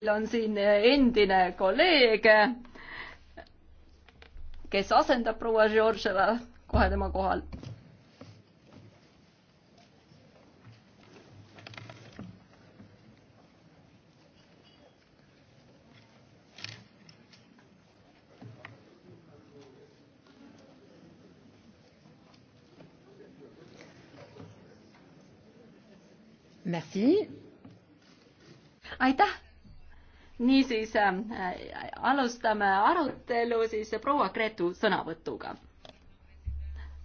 meil on siin eh, endine kolleeg, kes asendab proua Georgieva kohe tema kohal. Merci. aitäh niisiis äh, alustame arutelu siis proua Gretu sõnavõtuga.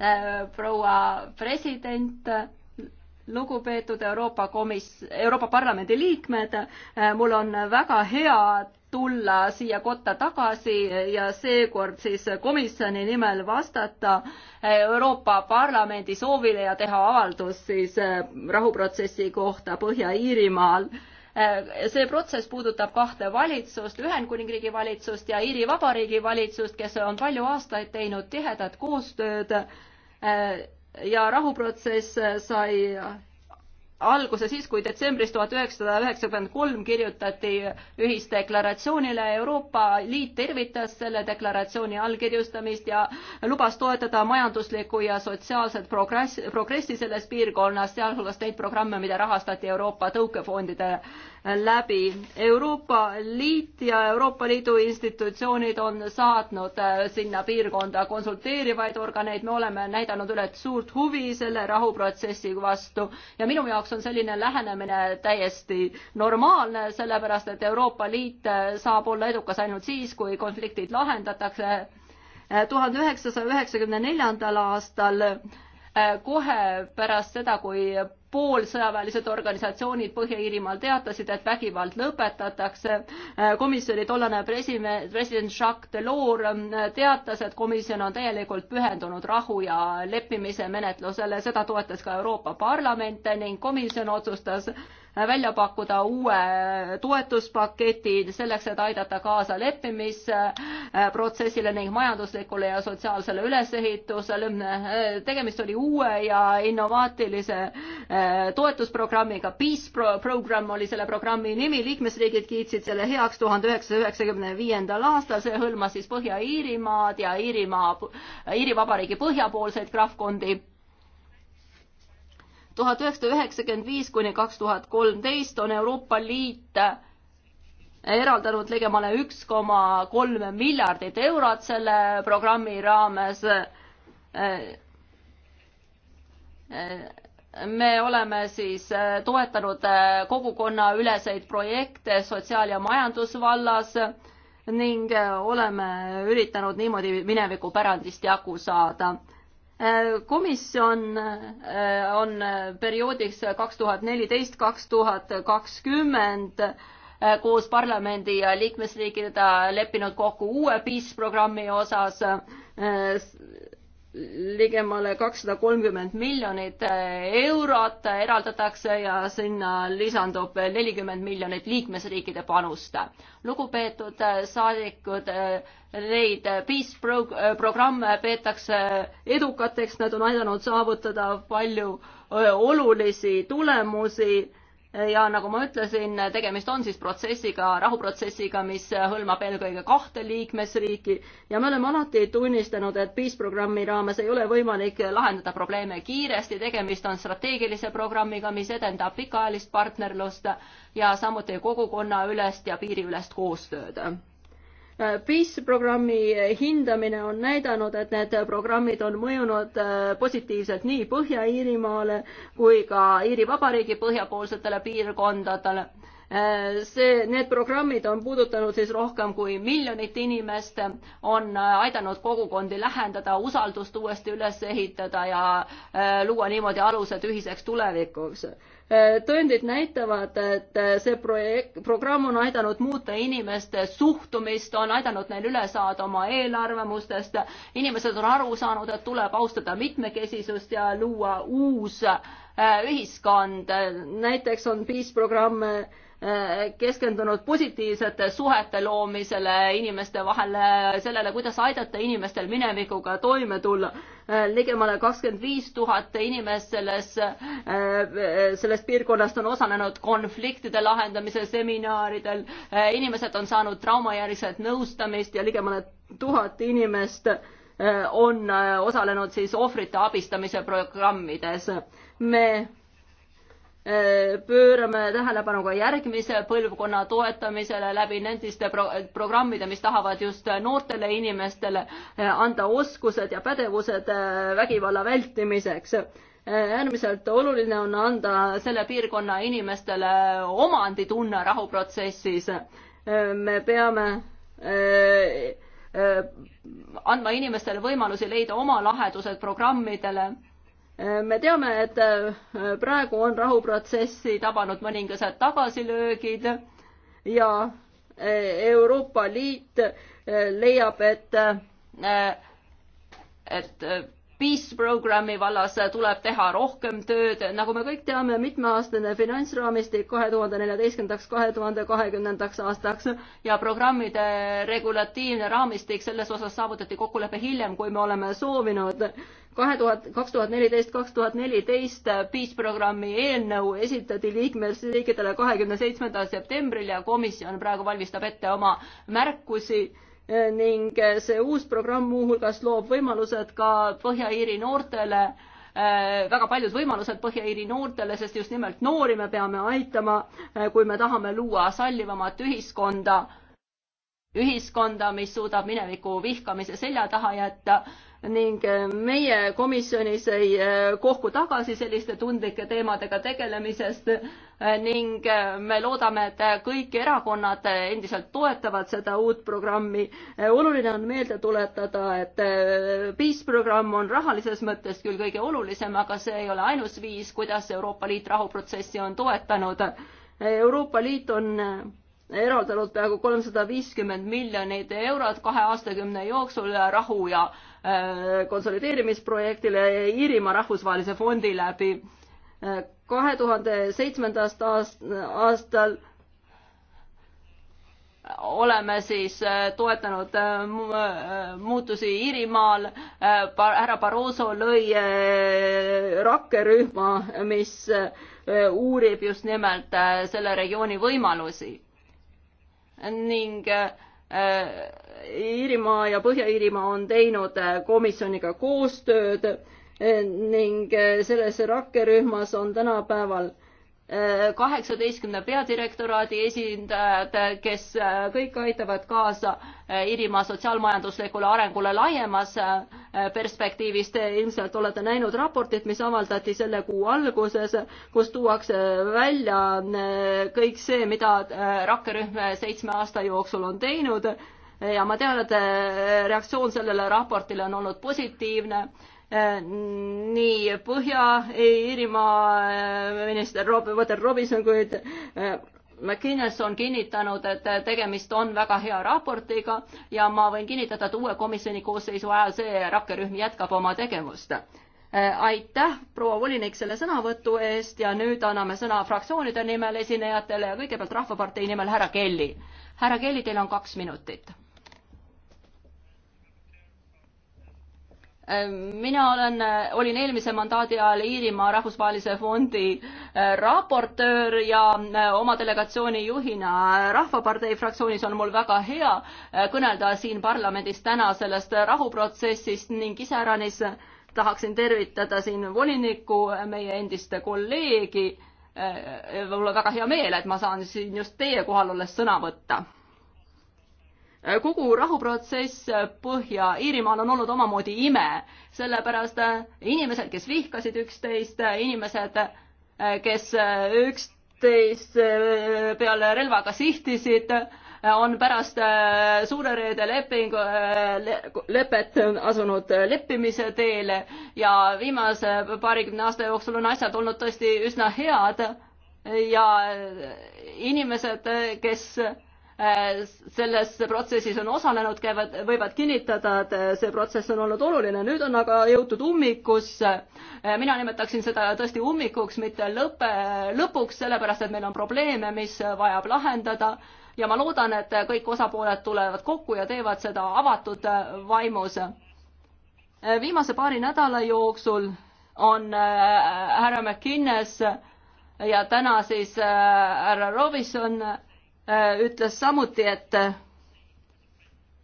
Äh, proua president, lugupeetud Euroopa Komis-, Euroopa Parlamendi liikmed, äh, mul on väga hea tulla siia kotta tagasi ja seekord siis komisjoni nimel vastata Euroopa Parlamendi soovile ja teha avaldus siis rahuprotsessi kohta Põhja-Iirimaal Äh, see protsess puudutab kahte valitsust, Ühendkuningriigi valitsust ja Iiri Vabariigi valitsust, kes on palju aastaid teinud tihedat koostööd äh, ja rahuprotsess sai alguse siis, kui detsembris tuhat üheksasada üheksakümmend kolm kirjutati ühisdeklaratsioonile. Euroopa Liit tervitas selle deklaratsiooni allkirjustamist ja lubas toetada majanduslikku ja sotsiaalset progressi, progressi selles piirkonnas, sealhulgas neid programme, mida rahastati Euroopa tõukefondide läbi. Euroopa Liit ja Euroopa Liidu institutsioonid on saatnud äh, sinna piirkonda konsulteerivaid organeid, me oleme näidanud üle suurt huvi selle rahuprotsessi vastu ja minu jaoks on selline lähenemine täiesti normaalne, sellepärast et Euroopa Liit äh, saab olla edukas ainult siis, kui konfliktid lahendatakse. Äh, tuhande üheksasaja üheksakümne neljandal aastal kohe pärast seda, kui poolsõjaväelised organisatsioonid Põhja-Iirimaal teatasid, et vägivald lõpetatakse. komisjoni tollane president, president Jacques Delors äh, teatas, et komisjon on täielikult pühendunud rahu ja leppimise menetlusele, seda toetas ka Euroopa Parlament ning komisjon otsustas välja pakkuda uue toetuspaketi selleks, et aidata kaasa leppimisprotsessile ning majanduslikule ja sotsiaalsele ülesehitusele. tegemist oli uue ja innovaatilise eh, toetusprogrammiga, Peace Program oli selle programmi nimi, liikmesriigid kiitsid selle heaks tuhande üheksasaja üheksakümne viiendal aastal, see hõlmas siis Põhja-Iirimaad ja Iirimaa, Iiri Vabariigi põhjapoolseid krahvkondi tuhat üheksasada üheksakümmend viis kuni kaks tuhat kolmteist on Euroopa Liit eraldanud ligemale üks koma kolm miljardit eurot selle programmi raames. me oleme siis toetanud kogukonnaüleseid projekte sotsiaal- ja majandusvallas ning oleme üritanud niimoodi minevikupärandist jagu saada komisjon äh, on äh, perioodiks kaks tuhat neliteist, kaks tuhat kakskümmend äh, koos parlamendi ja liikmesriikidega leppinud kokku uue PIS programmi osas ligemale kakssada kolmkümmend miljonit eh, eurot eraldatakse ja sinna lisandub veel nelikümmend miljonit liikmesriikide panust. lugupeetud eh, saadikud, eh, neid Peace prog-, programme peetakse edukateks, nad on aidanud saavutada palju olulisi tulemusi ja nagu ma ütlesin, tegemist on siis protsessiga, rahuprotsessiga, mis hõlmab eelkõige kahte liikmesriiki ja me oleme alati tunnistanud, et Peace programmi raames ei ole võimalik lahendada probleeme kiiresti, tegemist on strateegilise programmiga, mis edendab pikaajalist partnerlust ja samuti kogukonnaülest ja piiriülest koostööd PIS programmi hindamine on näidanud, et need programmid on mõjunud äh, positiivselt nii Põhja-Iirimaale kui ka Iiri Vabariigi põhjapoolsetele piirkondadele. Äh, see, need programmid on puudutanud siis rohkem kui miljonit inimest, on äh, aidanud kogukondi lähendada, usaldust uuesti üles ehitada ja luua niimoodi alused ühiseks tulevikuks Äh, tõendid näitavad, et äh, see projekt, programm on aidanud muuta inimeste suhtumist, on aidanud neil üle saada oma eelarvamustest. inimesed on aru saanud, et tuleb austada mitmekesisust ja luua uus äh, ühiskond. näiteks on PIS programm keskendunud positiivsete suhete loomisele inimeste vahel, sellele, kuidas aidata inimestel minevikuga toime tulla. ligemale kakskümmend viis tuhat inimest selles, sellest piirkonnast on osalenud konfliktide lahendamise seminaridel, inimesed on saanud traumajärgset nõustamist ja ligemale tuhat inimest on osalenud siis ohvrite abistamise programmides. me Äh, pöörame tähelepanu ka järgmise põlvkonna toetamisele läbi nendiste pro programmide, mis tahavad just noortele inimestele äh, anda oskused ja pädevused äh, vägivalla vältimiseks. äärmiselt oluline on anda selle piirkonna inimestele omanditunne rahuprotsessis. me peame andma inimestele võimalusi leida oma lahendused programmidele me teame, et äh, praegu on rahuprotsessi tabanud mõningased tagasilöögid ja äh, Euroopa Liit äh, leiab, et, et Peace programmi vallas tuleb teha rohkem tööd, nagu me kõik teame, mitmeaastane finantsraamistik kahe tuhande neljateistkümnendaks, kahe tuhande kahekümnendaks aastaks ja programmide regulatiivne raamistik, selles osas saavutati kokkulepe hiljem, kui me oleme soovinud kahe tuhat, kaks tuhat neliteist, kaks tuhat neliteist Peace programmi eelnõu esitati liikmesriikidele kahekümne seitsmendal septembril ja komisjon praegu valmistab ette oma märkusi ning see uus programm muuhulgas loob võimalused ka Põhja-Iiri noortele, äh, väga paljud võimalused Põhja-Iiri noortele, sest just nimelt noori me peame aitama, äh, kui me tahame luua sallivamat ühiskonda, ühiskonda, mis suudab mineviku vihkamise selja taha jätta ning äh, meie komisjonis ei äh, kohku tagasi selliste tundlike teemadega tegelemisest äh, ning me loodame, et kõik erakonnad endiselt toetavad seda uut programmi. oluline on meelde tuletada, et Peace programm on rahalises mõttes küll kõige olulisem, aga see ei ole ainus viis, kuidas Euroopa Liit rahuprotsessi on toetanud. Euroopa Liit on eraldanud peaaegu kolmsada viiskümmend miljonit eurot kahe aastakümne jooksul rahu ja Äh, konsolideerimisprojektile Iirimaa rahvusvahelise fondi läbi. Äh, kahe tuhande seitsmendast aastal oleme siis äh, toetanud muutusi Iirimaal. härra Barroso lõi rakkerühma, mis uurib just nimelt selle regiooni võimalusi ning Äh, Iirimaa ja Põhja-Iirimaa on teinud äh, komisjoniga koostööd äh, ning selles rakkerühmas on tänapäeval kaheksateistkümne peadirektoraadi esindajad, kes äh, kõik aitavad kaasa äh, Iirimaa sotsiaalmajanduslikule arengule laiemas äh, perspektiivis. Te ilmselt olete näinud raportit, mis avaldati selle kuu alguses, kus tuuakse välja kõik see, mida rakkerühm seitsme aasta jooksul on teinud ja ma tean, et reaktsioon sellele raportile on olnud positiivne Äh, nii Põhja-Iirimaa äh, minister Robert Robinson kui äh, McInnes on kinnitanud, et tegemist on väga hea raportiga ja ma võin kinnitada, et uue komisjoni koosseisu ajal see rakkerühm jätkab oma tegevust. aitäh, proua volinik, selle sõnavõtu eest ja nüüd anname sõna fraktsioonide nimel esinejatele ja kõigepealt Rahvapartei nimel härra Kelly. härra Kelly, teil on kaks minutit Äh, mina olen, äh, olin eelmise mandaadi ajal Iirimaa Rahvusvahelise Fondi äh, raportöör ja oma delegatsiooni juhina Rahvapartei fraktsioonis on mul väga hea kõnelda siin parlamendis täna sellest rahuprotsessist ning iseäranis tahaksin tervitada siin volinikku, meie endist kolleegi. mul on väga hea meel, et ma saan siin just teie kohal olles sõna võtta kogu rahuprotsess Põhja-Iirimaal on olnud omamoodi ime, sellepärast äh, inimesed, kes vihkasid üksteist, äh, inimesed, äh, kes üksteist peale relvaga sihtisid, on pärast suure reede lepingu le,, lepet asunud leppimise teele ja viimase paarikümne aasta jooksul on asjad olnud tõesti üsna head ja inimesed, kes Äh, selles protsessis on osalenud, käivad, võivad kinnitada, et äh, see protsess on olnud oluline. nüüd on aga jõutud ummikusse. Äh, mina nimetaksin seda tõesti ummikuks, mitte lõpe, lõpuks, sellepärast et meil on probleeme, mis vajab lahendada ja ma loodan, et kõik osapooled tulevad kokku ja teevad seda avatud vaimus. viimase paari nädala jooksul on härra McInnes ja täna siis härra Robinson äh, Äh, ütles samuti, et äh,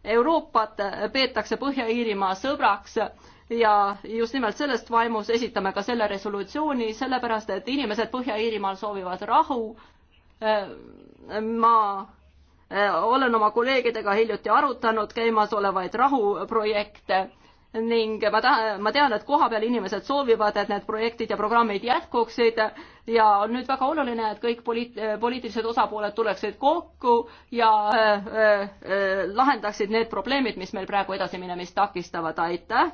Euroopat äh, peetakse Põhja-Iirimaa sõbraks ja just nimelt sellest vaimus esitame ka selle resolutsiooni, sellepärast et inimesed Põhja-Iirimaal soovivad rahu. ma olen oma kolleegidega hiljuti arutanud käimasolevaid rahuprojekte ning ma tahan, ma tean, et kohapeal inimesed soovivad, et need projektid ja programmid jätkuksid ja on nüüd väga oluline, et kõik poliit-, poliitilised osapooled tuleksid kokku ja äh, äh, lahendaksid need probleemid, mis meil praegu edasiminemist takistavad, aitäh!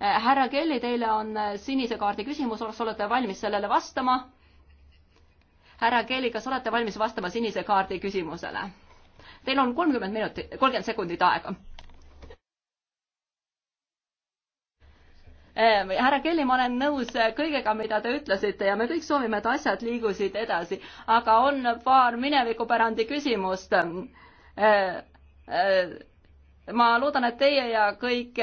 Äh, härra Kelly, teile on äh, sinise kaardi küsimus, kas olete valmis sellele vastama? härra Kelly, kas olete valmis vastama sinise kaardi küsimusele? Teil on kolmkümmend minutit, kolmkümmend sekundit aega Äh, härra Kelly, ma olen nõus äh, kõigega, mida te ütlesite ja me kõik soovime, et asjad liigusid edasi, aga on paar minevikupärandi küsimust. Äh, ma loodan, et teie ja kõik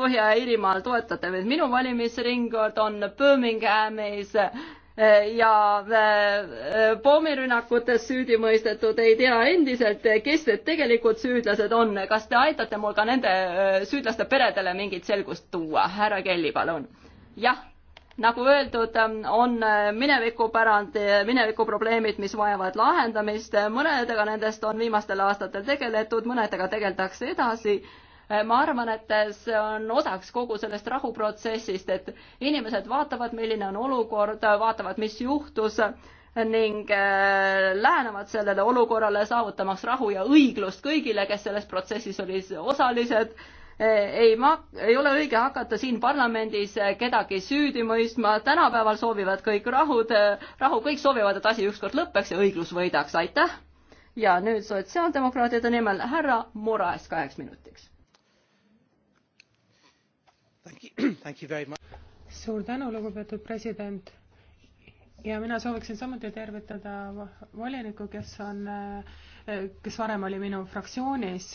Põhja-Iirimaal toetate mind. minu valimisringkond on Birminghamis ja äh, pommirünnakutes süüdi mõistetud ei tea endiselt, kes need tegelikult süüdlased on. kas te aitate mul ka nende äh, süüdlaste peredele mingit selgust tuua? härra Kelly, palun. jah, nagu öeldud, ähm, on äh, minevikupärand, minevikuprobleemid, mis vajavad lahendamist. mõnedega nendest on viimastel aastatel tegeletud, mõnedega tegeldakse edasi Äh, ma arvan, et see on osaks kogu sellest rahuprotsessist, et inimesed vaatavad, milline on olukord, vaatavad, mis juhtus ning äh, lähenevad sellele olukorrale, saavutamaks rahu ja õiglust kõigile, kes selles protsessis olid osalised. Äh, ei ma, ei ole õige hakata siin parlamendis kedagi süüdi mõistma, tänapäeval soovivad kõik rahud, rahu, kõik soovivad, et asi ükskord lõpeks ja õiglus võidaks, aitäh! ja nüüd sotsiaaldemokraatide nimel härra Muras kaheks minutiks suur tänu, lugupeetud president. ja mina sooviksin samuti tervitada volinikku, kes on, äh, kes varem oli minu fraktsioonis.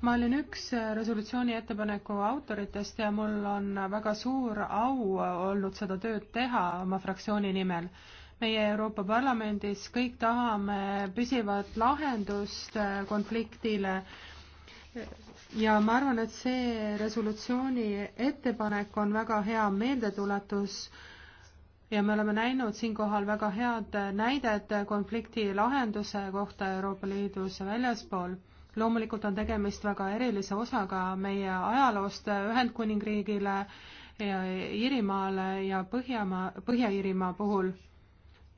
ma olin üks äh, resolutsiooni ettepaneku autoritest ja mul on väga suur au olnud seda tööd teha oma fraktsiooni nimel meie Euroopa Parlamendis kõik tahame püsivat lahendust äh, konfliktile ja ma arvan, et see resolutsiooni ettepanek on väga hea meeldetuletus ja me oleme näinud siinkohal väga head näidet konflikti lahenduse kohta Euroopa Liidus ja väljaspool. loomulikult on tegemist väga erilise osaga meie ajaloost Ühendkuningriigile ja Iirimaale ja Põhjamaa, Põhja-Iirimaa puhul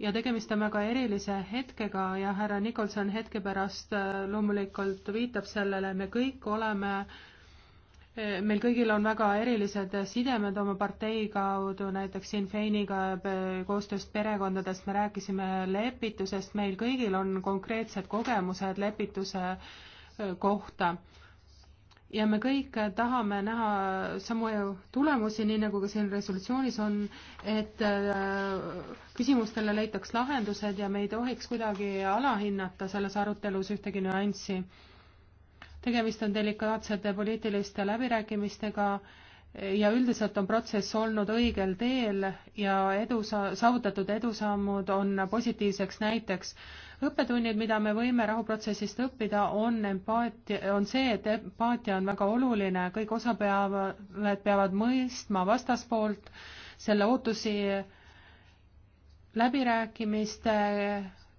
ja tegemist on väga erilise hetkega ja härra Nicholson hetke pärast äh, loomulikult viitab sellele, me kõik oleme, äh, meil kõigil on väga erilised sidemed oma partei kaudu, näiteks Sinn Feiniga äh, koostööst perekondadest, me rääkisime lepitusest, meil kõigil on konkreetsed kogemused lepituse kohta ja me kõik tahame näha samu tulemusi, nii nagu ka siin resolutsioonis on, et äh, küsimustele leitaks lahendused ja me ei tohiks kuidagi alahinnata selles arutelus ühtegi nüanssi. tegemist on delikaatsete poliitiliste läbirääkimistega ja üldiselt on protsess olnud õigel teel ja edu, saavutatud edusammud on positiivseks näiteks. õppetunnid, mida me võime rahuprotsessist õppida, on empaatia, on see, et empaatia on väga oluline, kõik osapeavad peavad mõistma vastaspoolt, selle ootusi läbirääkimiste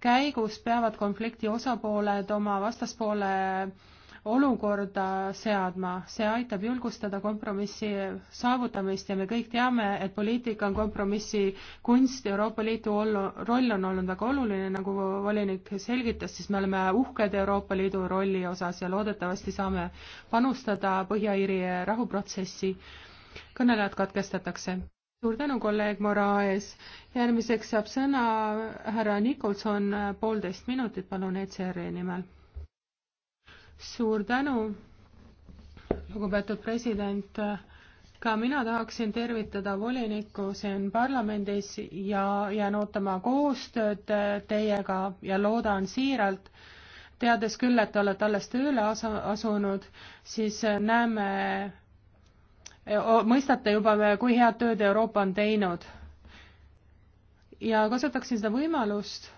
käigus peavad konflikti osapooled oma vastaspoole olukorda seadma, see aitab julgustada kompromissi saavutamist ja me kõik teame, et poliitika on kompromissi kunst, Euroopa Liidu roll on olnud väga oluline, nagu volinik selgitas, siis me oleme uhked Euroopa Liidu rolli osas ja loodetavasti saame panustada Põhja-Iiri rahuprotsessi. kõnelejad katkestatakse suur tänu, kolleeg Moraes. järgmiseks saab sõna härra Nikolson, poolteist minutit, palun, ECR-i nimel suur tänu, lugupeetud president. ka mina tahaksin tervitada volinikku siin parlamendis ja jään ootama koostööd teiega ja loodan siiralt, teades küll, et te olete alles tööle asa-, asunud, siis näeme, mõistate juba, kui head tööd Euroopa on teinud. ja kasutaksin seda võimalust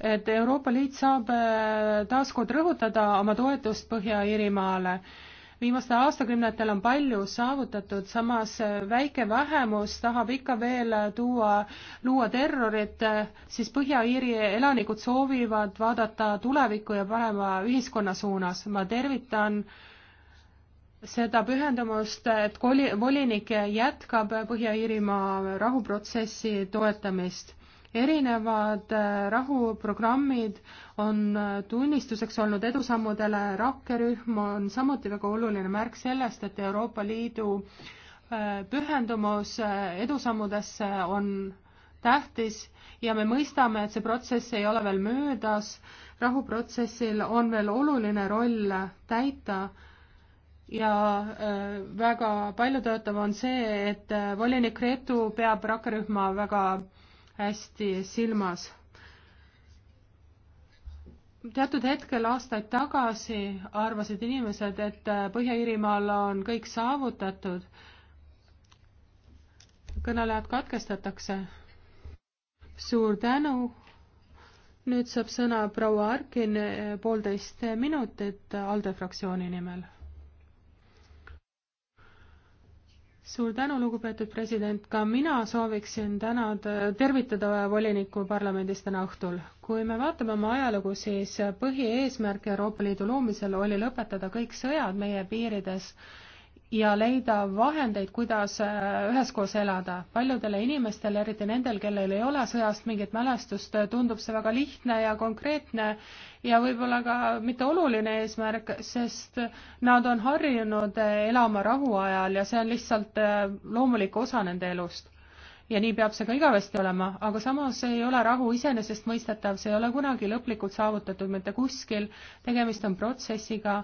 et Euroopa Liit saab äh, taaskord rõhutada oma toetust Põhja-Iirimaale. viimastel aastakümnetel on palju saavutatud, samas äh, väike vähemus tahab ikka veel äh, tuua, luua terrorit, siis Põhja-Iiri elanikud soovivad vaadata tulevikku ja parema ühiskonna suunas. ma tervitan seda pühendumust, et koli, volinik jätkab Põhja-Iirimaa rahuprotsessi toetamist erinevad äh, rahuprogrammid on äh, tunnistuseks olnud edusammudele, rakkerühm on samuti väga oluline märk sellest, et Euroopa Liidu äh, pühendumus edusammudesse on tähtis ja me mõistame, et see protsess ei ole veel möödas, rahuprotsessil on veel oluline roll täita ja väga paljutõotav on see, et volinik Reetu peab rakkerühma väga hästi silmas. teatud hetkel aastaid tagasi arvasid inimesed, et Põhja-Iirimaal on kõik saavutatud. kõnelejad katkestatakse. suur tänu. nüüd saab sõna proua Arkin, poolteist minutit ALDE fraktsiooni nimel suur tänu, lugupeetud president, ka mina sooviksin tänada, tervitada volinikku parlamendis täna õhtul. kui me vaatame oma ajalugu, siis põhieesmärk Euroopa Liidu loomisel oli lõpetada kõik sõjad meie piirides ja leida vahendeid, kuidas äh, üheskoos elada. paljudele inimestele, eriti nendel, kellel ei ole sõjast mingit mälestust, tundub see väga lihtne ja konkreetne ja võib-olla ka mitte oluline eesmärk, sest nad on harjunud äh, elama rahuajal ja see on lihtsalt äh, loomulik osa nende elust ja nii peab see ka igavesti olema, aga samas ei ole rahu iseenesestmõistetav, see ei ole kunagi lõplikult saavutatud mitte kuskil, tegemist on protsessiga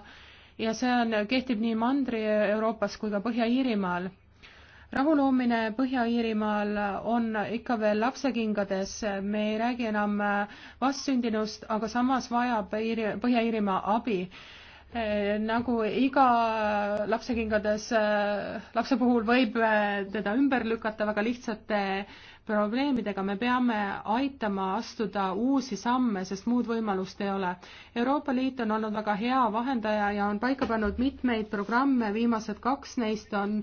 ja see on, kehtib nii Mandri-Euroopas kui ka Põhja-Iirimaal. rahuloomine Põhja-Iirimaal on ikka veel lapsekingades, me ei räägi enam vastsündinust, aga samas vajab Iiri, Põhja-Iirimaa abi nagu iga lapsekingades, lapse puhul võib teda ümber lükata väga lihtsate probleemidega, me peame aitama astuda uusi samme, sest muud võimalust ei ole. Euroopa Liit on olnud väga hea vahendaja ja on paika pannud mitmeid programme, viimased kaks neist on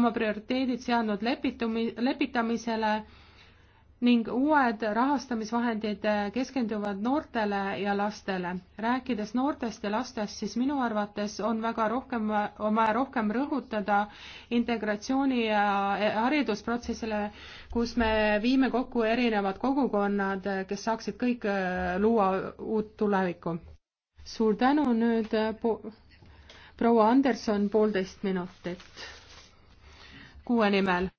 oma prioriteedid seadnud lepitumi, lepitamisele ning uued rahastamisvahendid keskenduvad noortele ja lastele. rääkides noortest ja lastest, siis minu arvates on väga rohkem, on vaja rohkem rõhutada integratsiooni ja haridusprotsessile, kus me viime kokku erinevad kogukonnad, kes saaksid kõik äh, luua uut tulevikku. suur tänu nüüd äh, proua Anderson, poolteist minutit kuue nimel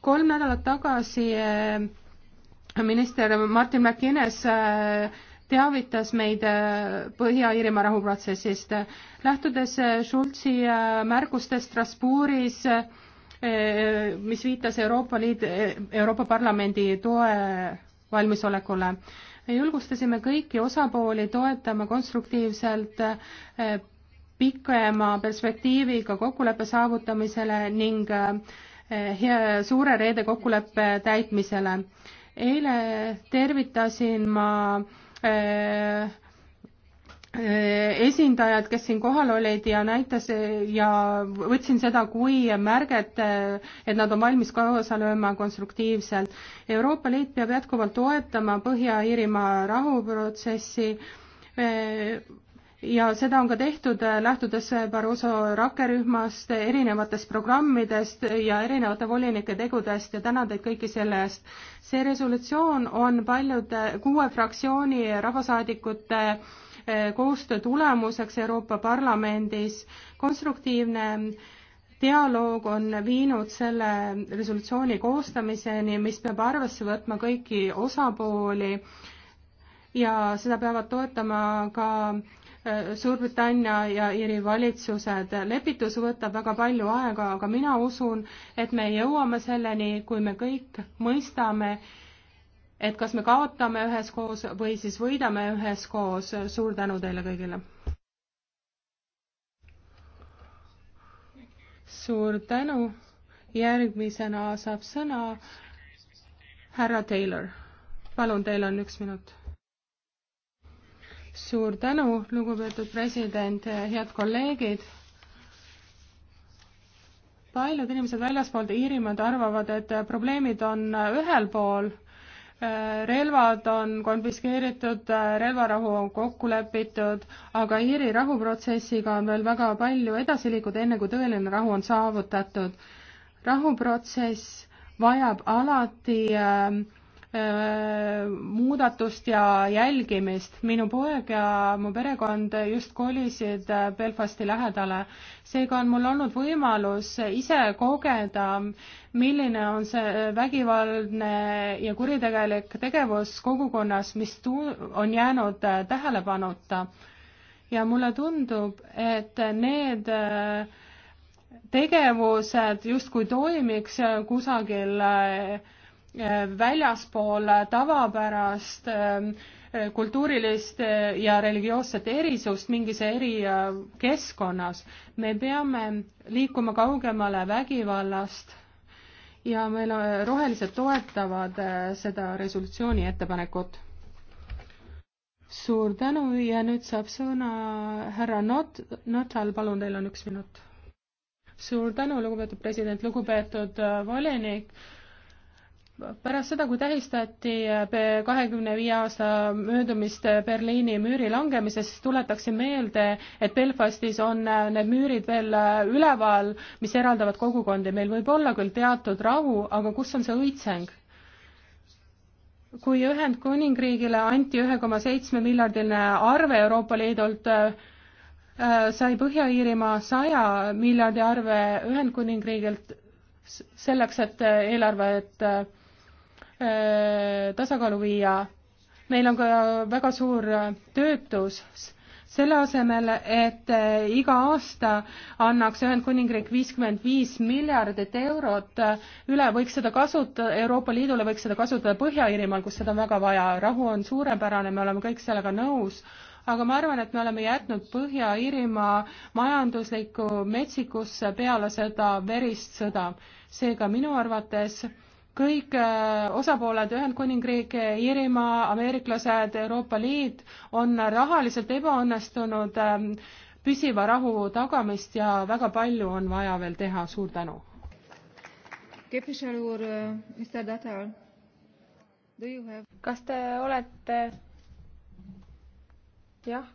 kolm nädalat tagasi eh, minister Martin McInnes eh, teavitas meid eh, Põhja-Iirimaa rahuprotsessist. lähtudes Schulzi märgustest Strasbourgis, mis viitas Euroopa Liidu, Euroopa Parlamendi toe valmisolekule, julgustasime kõiki osapooli toetama konstruktiivselt pikema perspektiiviga kokkuleppe saavutamisele ning Eh, suure reede kokkuleppe täitmisele. eile tervitasin ma eh, eh, esindajad, kes siin kohal olid ja näitas ja võtsin seda kui märget, et nad on valmis kaasa lööma konstruktiivselt. Euroopa Liit peab jätkuvalt toetama Põhja-Iirimaa rahuprotsessi ja seda on ka tehtud, äh, lähtudes äh, Barroso rakkerühmast, erinevatest programmidest ja erinevate volinike tegudest ja tänan teid kõiki selle eest. see resolutsioon on paljude, kuue fraktsiooni rahvasaadikute äh, koostöö tulemuseks Euroopa Parlamendis konstruktiivne dialoog on viinud selle resolutsiooni koostamiseni, mis peab arvesse võtma kõiki osapooli ja seda peavad toetama ka Suurbritannia ja Iiri valitsused. lepitus võtab väga palju aega, aga mina usun, et me jõuame selleni, kui me kõik mõistame, et kas me kaotame üheskoos või siis võidame üheskoos. suur tänu teile kõigile. suur tänu. järgmisena saab sõna härra Taylor. palun, teil on üks minut suur tänu, lugupeetud president, head kolleegid. paljud inimesed väljaspoolt Iirimaad arvavad, et probleemid on ühel pool relvad on konfiskeeritud, relvarahu on kokku lepitud, aga Iiri rahuprotsessiga on veel väga palju edasi liikuda, enne kui tõeline rahu on saavutatud. rahuprotsess vajab alati äh, muudatust ja jälgimist. minu poeg ja mu perekond just kolisid äh, Belfasti lähedale. seega on mul olnud võimalus ise kogeda, milline on see äh, vägivaldne ja kuritegelik tegevus kogukonnas, mis on jäänud äh, tähelepanuta. ja mulle tundub, et need tegevused justkui toimiks kusagil väljaspool tavapärast ähm, kultuurilist ja religioosset erisust mingis erikeskkonnas. Äh, me peame liikuma kaugemale vägivallast ja meil äh, rohelised toetavad äh, seda resolutsiooni ettepanekut. suur tänu ja nüüd saab sõna härra Not-, Notal, palun, teil on üks minut. suur tänu, lugupeetud president, lugupeetud volinik pärast seda, kui tähistati kahekümne viie aasta möödumist Berliini müüri langemisest, tuletaksin meelde, et Belfastis on need müürid veel üleval, mis eraldavad kogukondi. meil võib olla küll teatud rahu, aga kus on see õitseng? kui Ühendkuningriigile anti ühe koma seitsme miljardiline arve Euroopa Liidult, sai Põhja-Iirimaa saja miljardi arve Ühendkuningriigilt selleks, et eelarvet Äh, tasakaalu viia. meil on ka väga suur töötus, selle asemel, et äh, iga aasta annaks Ühendkuningriik viiskümmend viis miljardit eurot äh, üle, võiks seda kasutada, Euroopa Liidule võiks seda kasutada Põhja-Iirimaal, kus seda on väga vaja, rahu on suurepärane, me oleme kõik sellega nõus, aga ma arvan, et me oleme jätnud Põhja-Iirimaa majanduslikku metsikusse peale seda verist sõda. seega minu arvates kõik äh, osapooled, Ühendkuningriik, Iirimaa, ameeriklased, Euroopa Liit on rahaliselt ebaõnnestunud ähm, püsiva rahu tagamist ja väga palju on vaja veel teha, suur tänu. Äh, kas te olete, jah,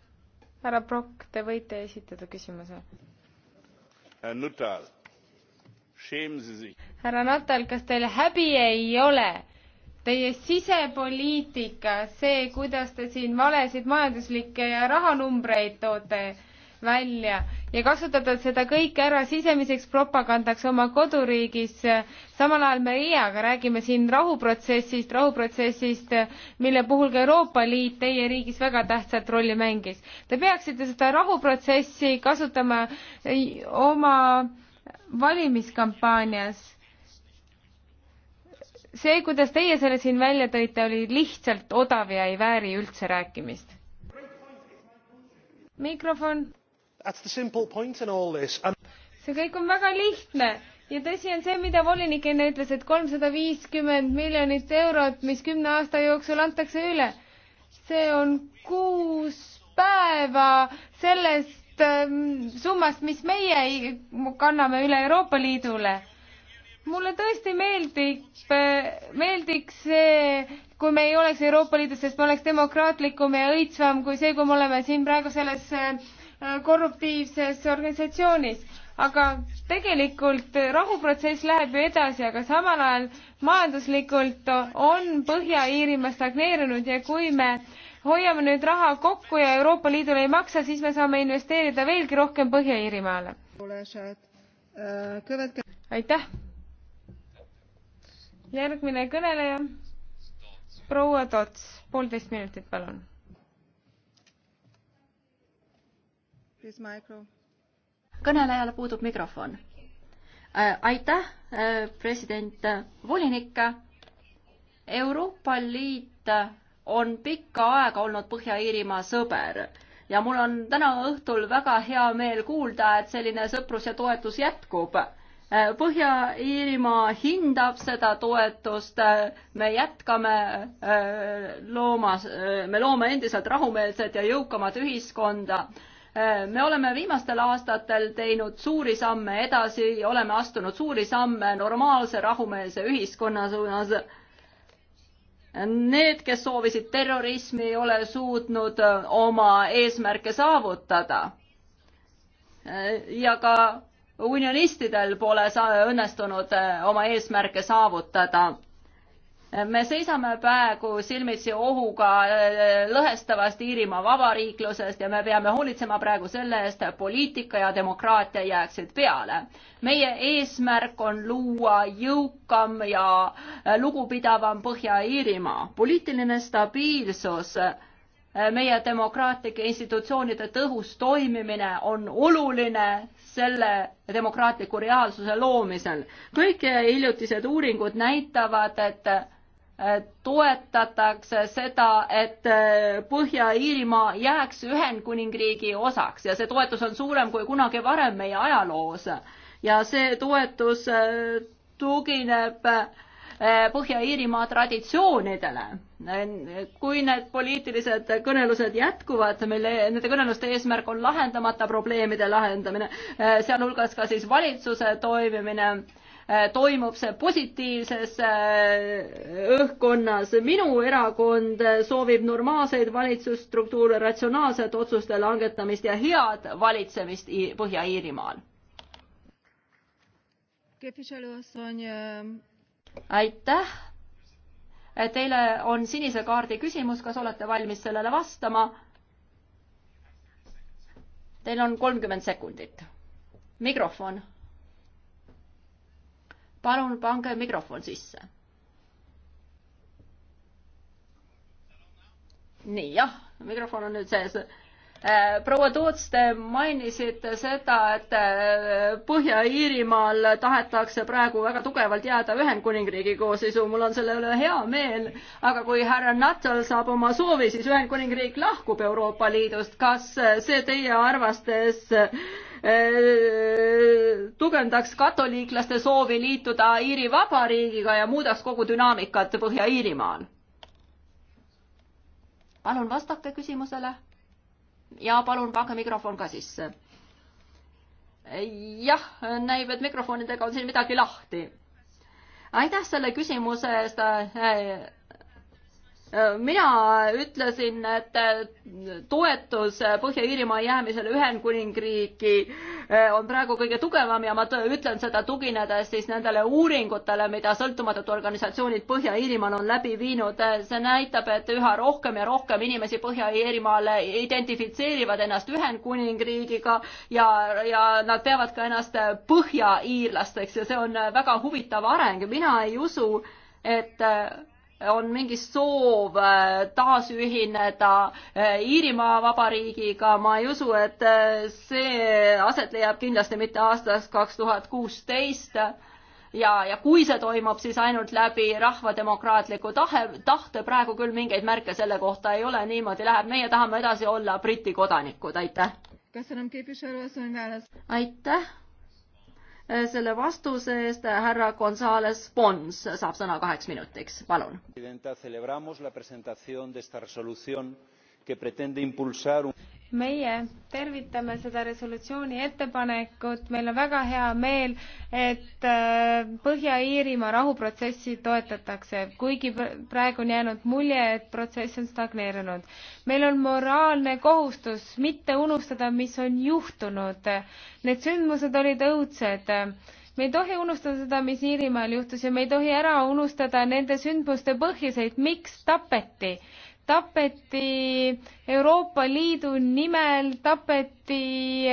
härra Brock, te võite esitada küsimuse. härra äh, Nutal härra Natal, kas teil häbi ei ole? teie sisepoliitika, see, kuidas te siin valesid majanduslikke ja rahanumbreid toote välja ja kasutate seda kõike ära sisemiseks propagandaks oma koduriigis. samal ajal me Riiaga räägime siin rahuprotsessist, rahuprotsessist, mille puhul ka Euroopa Liit teie riigis väga tähtsat rolli mängis. Te peaksite seda rahuprotsessi kasutama oma valimiskampaanias. see, kuidas teie selle siin välja tõite, oli lihtsalt odav ja ei vääri üldse rääkimist. mikrofon. see kõik on väga lihtne ja tõsi on see, mida volinik enne ütles, et kolmsada viiskümmend miljonit eurot, mis kümne aasta jooksul antakse üle, see on kuus päeva sellest, Ähm, summast, mis meie kanname üle Euroopa Liidule. mulle tõesti meeldib, äh, meeldiks see, kui me ei oleks Euroopa Liidus, sest me oleks demokraatlikum ja õitsvam kui see, kui me oleme siin praegu selles äh, korruptiivses organisatsioonis. aga tegelikult rahuprotsess läheb ju edasi, aga samal ajal majanduslikult on Põhja-Iirimaa stagneerunud ja kui me äh, hoiame nüüd raha kokku ja Euroopa Liidul ei maksa, siis me saame investeerida veelgi rohkem Põhja-Iirimaale. aitäh. järgmine kõneleja, proua Tots, poolteist minutit, palun. kõnelejal puudub mikrofon. Äh, aitäh, äh, president, äh, volinik. Euroopa Liit on pikka aega olnud Põhja-Iirimaa sõber ja mul on täna õhtul väga hea meel kuulda, et selline sõprus ja toetus jätkub. Põhja-Iirimaa hindab seda toetust, me jätkame äh, loomas, äh, me loome endiselt rahumeelset ja jõukamat ühiskonda äh, me oleme viimastel aastatel teinud suuri samme edasi, oleme astunud suuri samme normaalse rahumeelse ühiskonna suunas Need, kes soovisid terrorismi, ei ole suutnud äh, oma eesmärke saavutada. Äh, ja ka unionistidel pole õnnestunud äh, oma eesmärke saavutada me seisame praegu silmitsi ohuga äh, lõhestavast Iirimaa vabariiklusest ja me peame hoolitsema praegu selle eest, et poliitika ja demokraatia jääksid peale. meie eesmärk on luua jõukam ja äh, lugupidavam Põhja-Iirimaa. poliitiline stabiilsus äh, meie demokraatlike institutsioonide tõhus toimimine on oluline selle demokraatliku reaalsuse loomisel. kõik hiljutised uuringud näitavad, et toetatakse seda, et äh, Põhja-Iirimaa jääks Ühendkuningriigi osaks ja see toetus on suurem kui kunagi varem meie ajaloos. ja see toetus äh, tugineb äh, Äh, Põhja-Iirimaa traditsioonidele. kui need poliitilised kõnelused jätkuvad, mille, nende kõneluste eesmärk on lahendamata probleemide lahendamine, äh, sealhulgas ka siis valitsuse toimimine, äh, toimub see positiivses õhkkonnas. minu erakond soovib normaalseid valitsusstruktuure, ratsionaalset otsuste langetamist ja head valitsemist Põhja-Iirimaal. képviselő asszony aitäh. Teile on sinise kaardi küsimus, kas olete valmis sellele vastama? Teil on kolmkümmend sekundit. mikrofon. palun pange mikrofon sisse. nii, jah, mikrofon on nüüd sees Äh, proua Toots, te mainisite seda, et äh, Põhja-Iirimaal tahetakse praegu väga tugevalt jääda Ühendkuningriigi koosseisu, mul on selle üle hea meel, aga kui härra Nuttall saab oma soovi, siis Ühendkuningriik lahkub Euroopa Liidust, kas äh, see teie arvates tugevdaks katoliiklaste soovi liituda Iiri Vabariigiga ja muudaks kogu dünaamikat Põhja-Iirimaal? palun vastake küsimusele ja palun pange mikrofon ka sisse. jah, näib, et mikrofonidega on siin midagi lahti. aitäh selle küsimuse eest mina ütlesin, et eh, toetus Põhja-Iirimaa jäämisele Ühendkuningriigi eh, on praegu kõige tugevam ja ma ütlen seda tuginedes siis nendele uuringutele, mida sõltumatud organisatsioonid Põhja-Iirimaal on läbi viinud. see näitab, et üha rohkem ja rohkem inimesi Põhja-Iirimaal identifitseerivad ennast Ühendkuningriigiga ja, ja nad peavad ka ennast põhjaiirlasteks ja see on väga huvitav areng. mina ei usu, et on mingi soov äh, taasühineda äh, Iirimaa Vabariigiga, ma ei usu, et äh, see aset leiab kindlasti mitte aastast kaks tuhat kuusteist ja, ja kui see toimub, siis ainult läbi rahvademokraatliku tahe, tahte, praegu küll mingeid märke selle kohta ei ole, niimoodi läheb, meie tahame edasi olla Briti kodanikud, aitäh. aitäh Äh, selle vastuse eest. Äh, härra Gonzales Pons saab sõna kaheks minutiks, palun. celebramos la presentación de esta resolución que pretende impulsar un meie tervitame seda resolutsiooni ettepanekut, meil on väga hea meel, et äh, Põhja-Iirimaa rahuprotsessi toetatakse, kuigi praegu on jäänud mulje, et protsess on stagneerunud. meil on moraalne kohustus mitte unustada, mis on juhtunud. Need sündmused olid õudsed me ei tohi unustada seda, mis Iirimaal juhtus ja me ei tohi ära unustada nende sündmuste põhjuseid, miks tapeti äh, tapeti Euroopa Liidu nimel, tapeti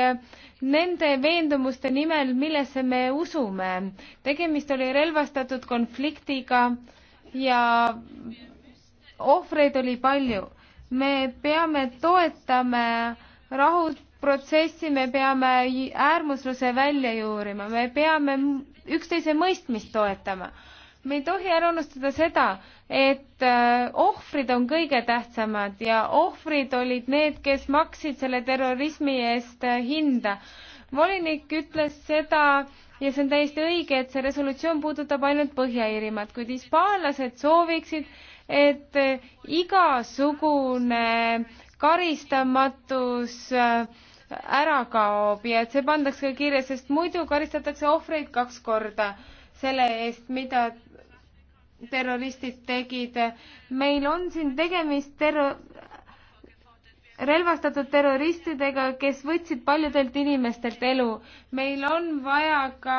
nende veendumuste nimel, millesse me usume. tegemist oli relvastatud konfliktiga ja ohvreid oli palju. me peame toetama rahuprotsessi, me peame äärmusluse välja juurima, me peame üksteise mõistmist toetama me ei tohi ära unustada seda, et äh, ohvrid on kõige tähtsamad ja ohvrid olid need, kes maksid selle terrorismi eest äh, hinda. volinik ütles seda ja see on täiesti õige, et see resolutsioon puudutab ainult Põhja-Iirimaad, kuid hispaanlased sooviksid, et äh, igasugune karistamatus ära kaob ja et see pandaks ka kirja, sest muidu karistatakse ohvreid kaks korda selle eest, mida terroristid tegid. meil on siin tegemist terro-, relvastatud terroristidega, kes võtsid paljudelt inimestelt elu. meil on vaja ka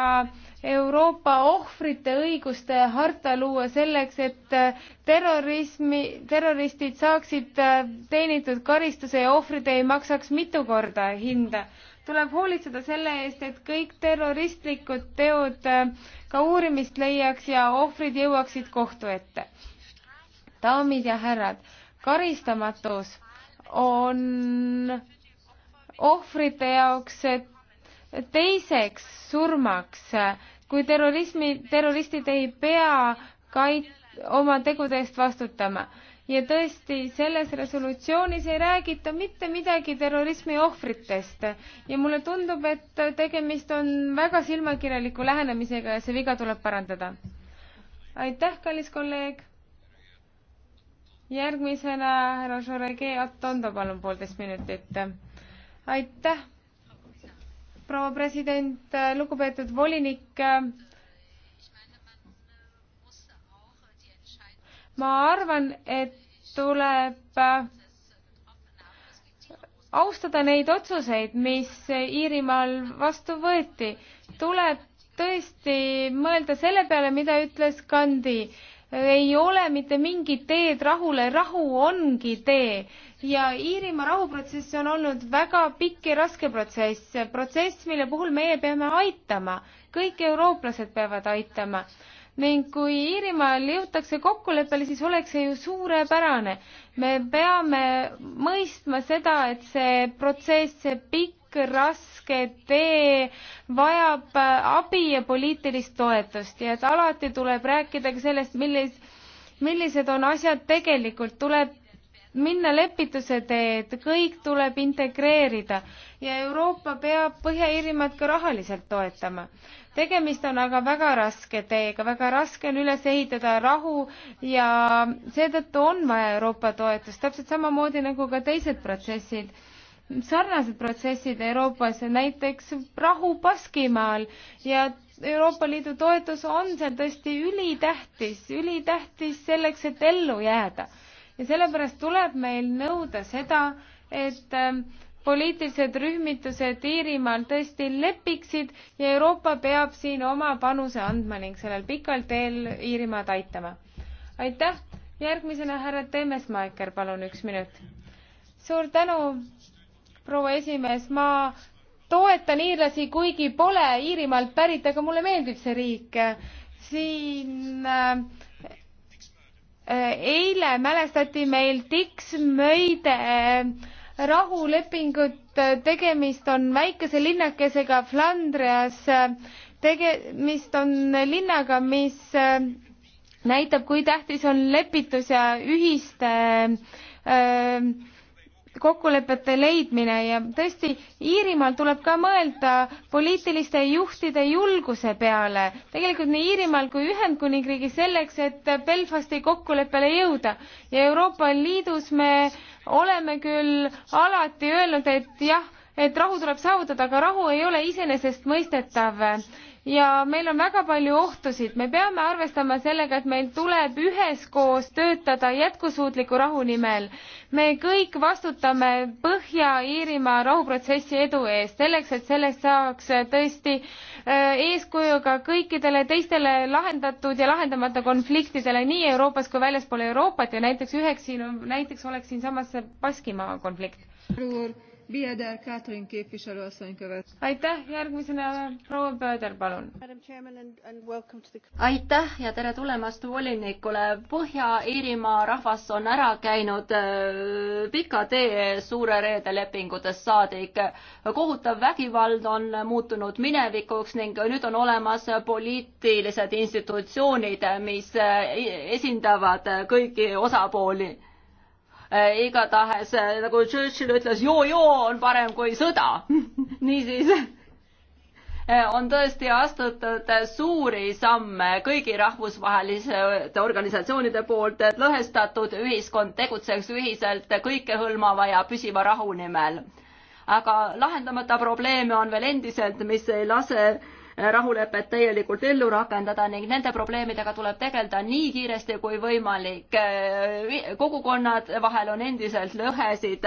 Euroopa ohvrite õiguste harta luua selleks, et terrorismi, terroristid saaksid teenitud karistuse ja ohvrid ei maksaks mitu korda hinda. tuleb hoolitseda selle eest, et kõik terroristlikud teod ka uurimist leiaks ja ohvrid jõuaksid kohtu ette. daamid ja härrad, karistamatus on ohvrite jaoks teiseks surmaks, kui terrorismi, terroristid ei pea kait-, oma tegude eest vastutama ja tõesti, selles resolutsioonis ei räägita mitte midagi terrorismi ohvritest ja mulle tundub, et tegemist on väga silmakirjaliku lähenemisega ja see viga tuleb parandada. aitäh, kallis kolleeg. järgmisena härra Žoregi Atondo, palun poolteist minutit. aitäh, proua president, lugupeetud volinik ma arvan, et tuleb äh, austada neid otsuseid, mis Iirimaal vastu võeti. tuleb tõesti mõelda selle peale, mida ütles Gandhi. ei ole mitte mingit teed rahule, rahu ongi tee. ja Iirimaa rahuprotsess on olnud väga pikk ja raske protsess, protsess, mille puhul meie peame aitama. kõik eurooplased peavad aitama ning kui Iirimaal jõutakse kokkuleppele, siis oleks see ju suurepärane. me peame mõistma seda, et see protsess, see pikk raske tee vajab äh, abi ja poliitilist toetust ja et alati tuleb rääkida ka sellest, millis, millised on asjad tegelikult, tuleb minna lepituse teed, kõik tuleb integreerida ja Euroopa peab Põhja-Iirimaad ka rahaliselt toetama. tegemist on aga väga raske teega, väga raske on üles ehitada rahu ja seetõttu on vaja Euroopa toetust, täpselt samamoodi nagu ka teised protsessid sarnased protsessid Euroopas, näiteks rahu Baskimaal ja Euroopa Liidu toetus on seal tõesti ülitähtis, ülitähtis selleks, et ellu jääda ja sellepärast tuleb meil nõuda seda, et ähm, poliitilised rühmitused Iirimaal tõesti lepiksid ja Euroopa peab siin oma panuse andma ning sellel pikal teel Iirimaad aitama. aitäh, järgmisena härra Temesmaeker, palun üks minut. suur tänu, proua esimees, ma toetan iirlasi, kuigi pole Iirimaalt pärit, aga mulle meeldib see riik. siin äh, eile mälestati meil Dix Möide äh, rahulepingut, tegemist on väikese linnakesega Flandrias, tegemist on linnaga, mis äh, näitab, kui tähtis on lepitus ja ühiste öö, äh, kokkulepete leidmine ja tõesti, Iirimaal tuleb ka mõelda poliitiliste juhtide julguse peale, tegelikult nii Iirimaal kui Ühendkuningriigis selleks, et Belfasti kokkuleppele jõuda ja Euroopa Liidus me oleme küll alati öelnud, et jah, et rahu tuleb saavutada, aga rahu ei ole iseenesestmõistetav ja meil on väga palju ohtusid. me peame arvestama sellega, et meil tuleb üheskoos töötada jätkusuutliku rahu nimel. me kõik vastutame Põhja-Iirimaa rahuprotsessi edu eest, selleks et sellest saaks tõesti äh, eeskujuga kõikidele teistele lahendatud ja lahendamata konfliktidele nii Euroopas kui väljaspool Euroopat ja näiteks üheks siin on, näiteks oleks siinsamas Baskimaa konflikt. Bieder Catherine képviselő asszony követ. aitäh, järgmisena proua Böder, palun. aitäh ja tere tulemast volinikule. Põhja-Iirimaa rahvas on ära käinud äh, pika tee suure reede lepingutest saadik. kohutav vägivald on muutunud minevikuks ning nüüd on olemas poliitilised institutsioonid, mis äh, esindavad kõiki osapooli Äh, igatahes äh, nagu Churchill ütles joo,, joo-joo on parem kui sõda niisiis äh, on tõesti astutud suuri samme kõigi rahvusvaheliste organisatsioonide poolt, et lõhestatud ühiskond tegutseks ühiselt kõikehõlmava ja püsiva rahu nimel. aga lahendamata probleeme on veel endiselt, mis ei lase rahulepet täielikult ellu rakendada ning nende probleemidega tuleb tegeleda nii kiiresti kui võimalik. kogukonnad vahel on endiselt lõhesid,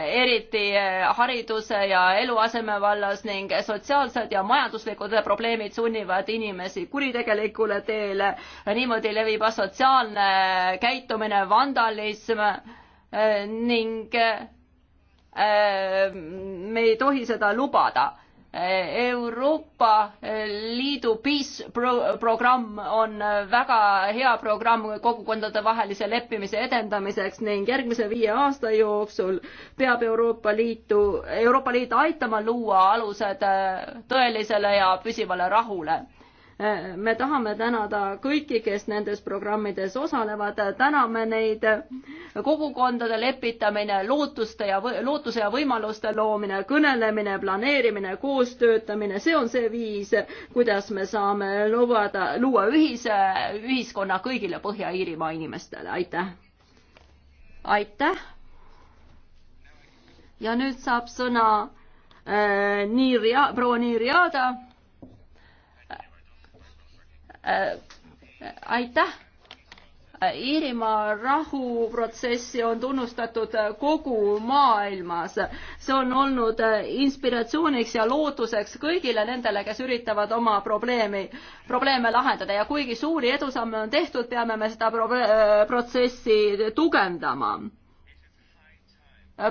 eriti hariduse ja eluaseme vallas ning sotsiaalsed ja majanduslikud probleemid sunnivad inimesi kuritegelikule teele. niimoodi levib asotsiaalne käitumine, vandalism ning me ei tohi seda lubada Euroopa Liidu Peace pro programm on väga hea programm kogukondade vahelise leppimise edendamiseks ning järgmise viie aasta jooksul peab Euroopa Liitu, Euroopa Liit aitama luua alused tõelisele ja püsivale rahule me tahame tänada kõiki, kes nendes programmides osalevad, täname neid. kogukondade lepitamine, lootuste ja, lootuse ja võimaluste loomine, kõnelemine, planeerimine, koostöötamine, see on see viis, kuidas me saame lubada, luua ühise ühiskonna kõigile Põhja-Iirimaa inimestele, aitäh. aitäh. ja nüüd saab sõna äh, nii rea-, proua Nii Riada Äh, aitäh. Iirimaa rahuprotsessi on tunnustatud kogu maailmas. see on olnud inspiratsiooniks ja lootuseks kõigile nendele, kes üritavad oma probleemi, probleeme lahendada ja kuigi suuri edusamme on tehtud, peame me seda protsessi tugevdama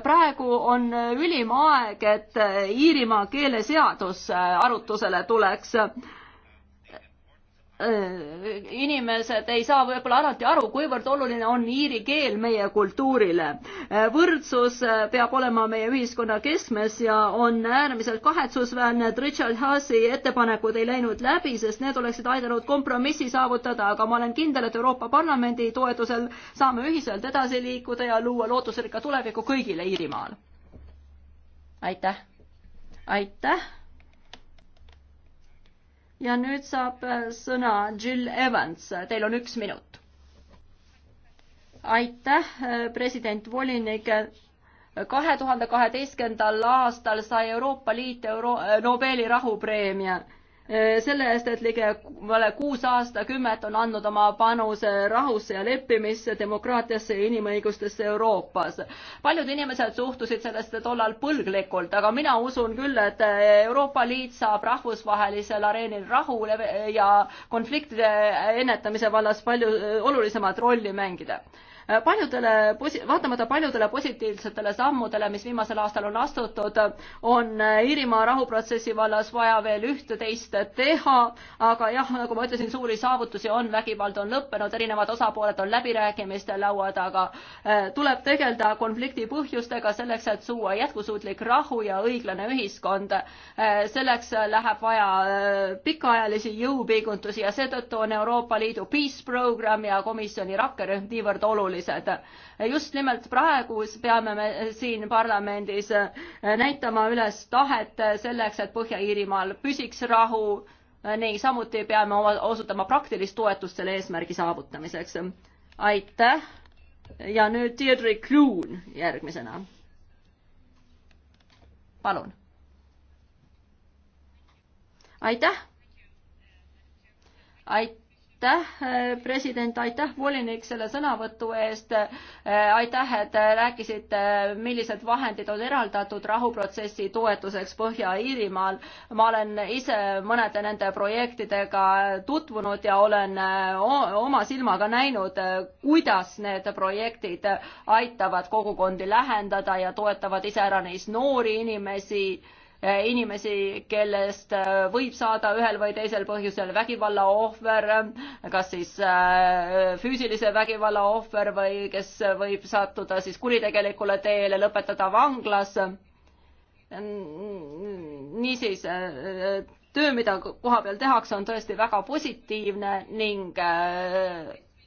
praegu on ülim aeg, et Iirimaa keeleseadus arutusele tuleks Äh, inimesed ei saa võib-olla alati aru, kuivõrd oluline on iiri keel meie kultuurile. Äh, võrdsus äh, peab olema meie ühiskonna keskmes ja on äärmiselt kahetsusväärne, et Richard Haasi ettepanekud ei läinud läbi, sest need oleksid aidanud kompromissi saavutada, aga ma olen kindel, et Euroopa Parlamendi toetusel saame ühiselt edasi liikuda ja luua lootusrikka tulevikku kõigile Iirimaal. aitäh! aitäh! ja nüüd saab äh, sõna Jill Evans, teil on üks minut. aitäh, äh, president volinik kahe tuhande kaheteistkümnendal aastal sai Euroopa Liit Euro Nobeli rahupreemia Äh, selle eest, et ligemale kuus aastakümmet on andnud oma panuse rahusse ja leppimisse, demokraatiasse ja inimõigustesse Euroopas. paljud inimesed suhtusid sellesse tollal põlglikult, aga mina usun küll, et äh, Euroopa Liit saab rahvusvahelisel areenil rahule ja konfliktide ennetamise vallas palju äh, olulisemat rolli mängida paljudele, vaatamata paljudele positiivsetele sammudele, mis viimasel aastal on astutud, on Iirimaa rahuprotsessi vallas vaja veel üht-teist teha, aga jah, nagu ma ütlesin, suuri saavutusi on, vägivald on lõppenud, erinevad osapooled on läbirääkimiste laua taga. Äh, tuleb tegeleda konflikti põhjustega selleks, et suua jätkusuutlik rahu ja õiglane ühiskond. Äh, selleks läheb vaja äh, pikaajalisi jõupingutusi ja seetõttu on Euroopa Liidu Peace Programm ja komisjoni rakkerühm niivõrd oluline olulised. just nimelt praegu peame me siin parlamendis näitama üles tahet selleks, et Põhja-Iirimaal püsiks rahu ning samuti peame osutama praktilist toetust selle eesmärgi saavutamiseks. aitäh ja nüüd Deirdre Kloon järgmisena. palun. aitäh aitäh aitäh, äh, president, aitäh, volinik, selle sõnavõtu eest. Äh, aitäh, et rääkisite, millised vahendid on eraldatud rahuprotsessi toetuseks Põhja-Iirimaal. ma olen ise mõnede nende projektidega tutvunud ja olen äh, oma silmaga näinud, kuidas need projektid aitavad kogukondi lähendada ja toetavad iseäranis noori inimesi Äh, inimesi, kellest äh, võib saada ühel või teisel põhjusel vägivalla ohver, kas siis äh, füüsilise vägivalla ohver või kes võib sattuda siis kuritegelikule teele, lõpetada vanglas. niisiis töö, mida koha peal tehakse, on tõesti väga positiivne ning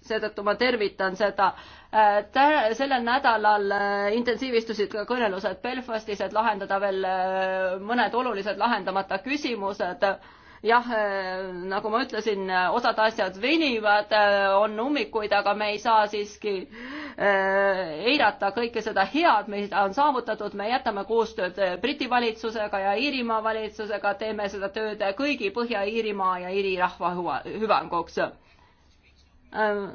seetõttu ma tervitan seda. Äh, sellel nädalal äh, intensiivistusid ka kõnelused Belfastis, et lahendada veel äh, mõned olulised lahendamata küsimused. jah, nagu ma ütlesin, osad asjad venivad, on ummikuid, aga me ei saa siiski eirata kõike seda head, mida on saavutatud, me jätame koostööd Briti valitsusega ja Iirimaa valitsusega, teeme seda tööd kõigi Põhja-Iirimaa ja Iiri rahva hüvanguks hüva Äh,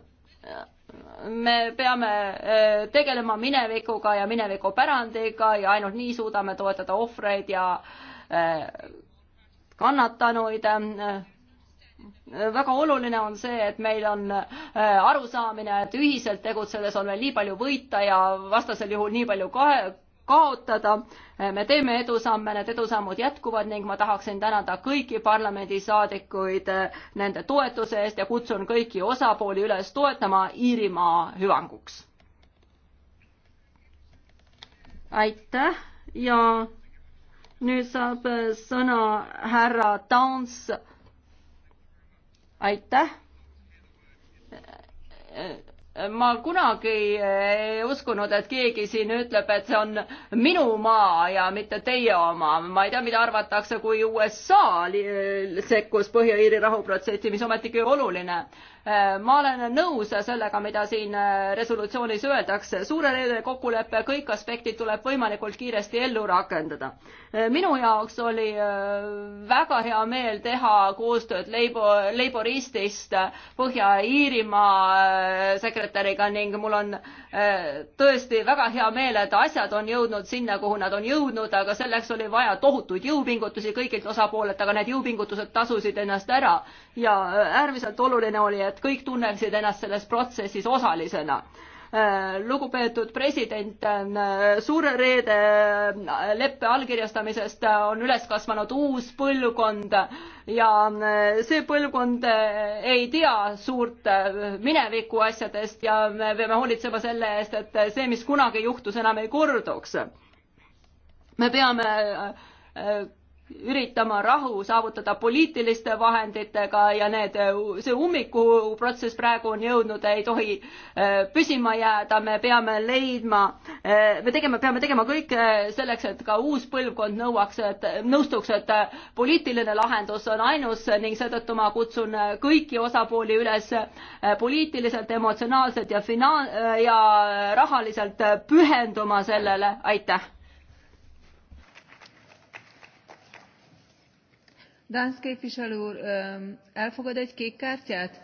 me peame äh, tegelema minevikuga ja minevikupärandiga ja ainult nii suudame toetada ohvreid ja äh, kannatanuid väga oluline on see, et meil on arusaamine, et ühiselt tegutsedes on meil nii palju võita ja vastasel juhul nii palju kahe, kaotada. me teeme edusamme, need edusammud jätkuvad ning ma tahaksin tänada kõiki parlamendisaadikuid nende toetuse eest ja kutsun kõiki osapooli üles toetama Iirimaa hüvanguks. aitäh ja nüüd saab sõna härra Downs. aitäh ma kunagi ei uskunud, et keegi siin ütleb, et see on minu maa ja mitte teie oma. ma ei tea, mida arvatakse, kui USA sekkus Põhja-Iiri rahuprotsessi, mis ometigi oluline. Äh, ma olen nõus sellega, mida siin äh, resolutsioonis öeldakse, suure reede kokkulepe, kõik aspektid tuleb võimalikult kiiresti ellu rakendada. Äh, minu jaoks oli väga hea meel teha koostööd Leibo-, Leiboristist Põhja-Iirimaa sekretäriga ning mul on tõesti väga hea meel, et asjad on jõudnud sinna, kuhu nad on jõudnud, aga selleks oli vaja tohutuid jõupingutusi kõigilt osapoolelt, aga need jõupingutused tasusid ennast ära ja äärmiselt oluline oli, et et kõik tunneksid ennast selles protsessis osalisena äh, lugupeetud president, äh, suure reede äh, leppe allkirjastamisest on üles kasvanud uus põlvkond ja see põlvkond ei tea suurt mineviku asjadest ja me peame hoolitsema selle eest, et see, mis kunagi juhtus, enam ei korduks. me peame üritama rahu saavutada poliitiliste vahenditega ja need, see ummikuprotsess praegu on jõudnud, ei tohi äh, püsima jääda, me peame leidma, äh, me tegema, peame tegema kõik äh, selleks, et ka uus põlvkond nõuaks, et nõustuks, et poliitiline lahendus on ainus ning seetõttu ma kutsun kõiki osapooli üles poliitiliselt, emotsionaalselt ja fina- ja rahaliselt pühenduma sellele, aitäh! Dans képviselő úr, elfogad egy kék kártyát?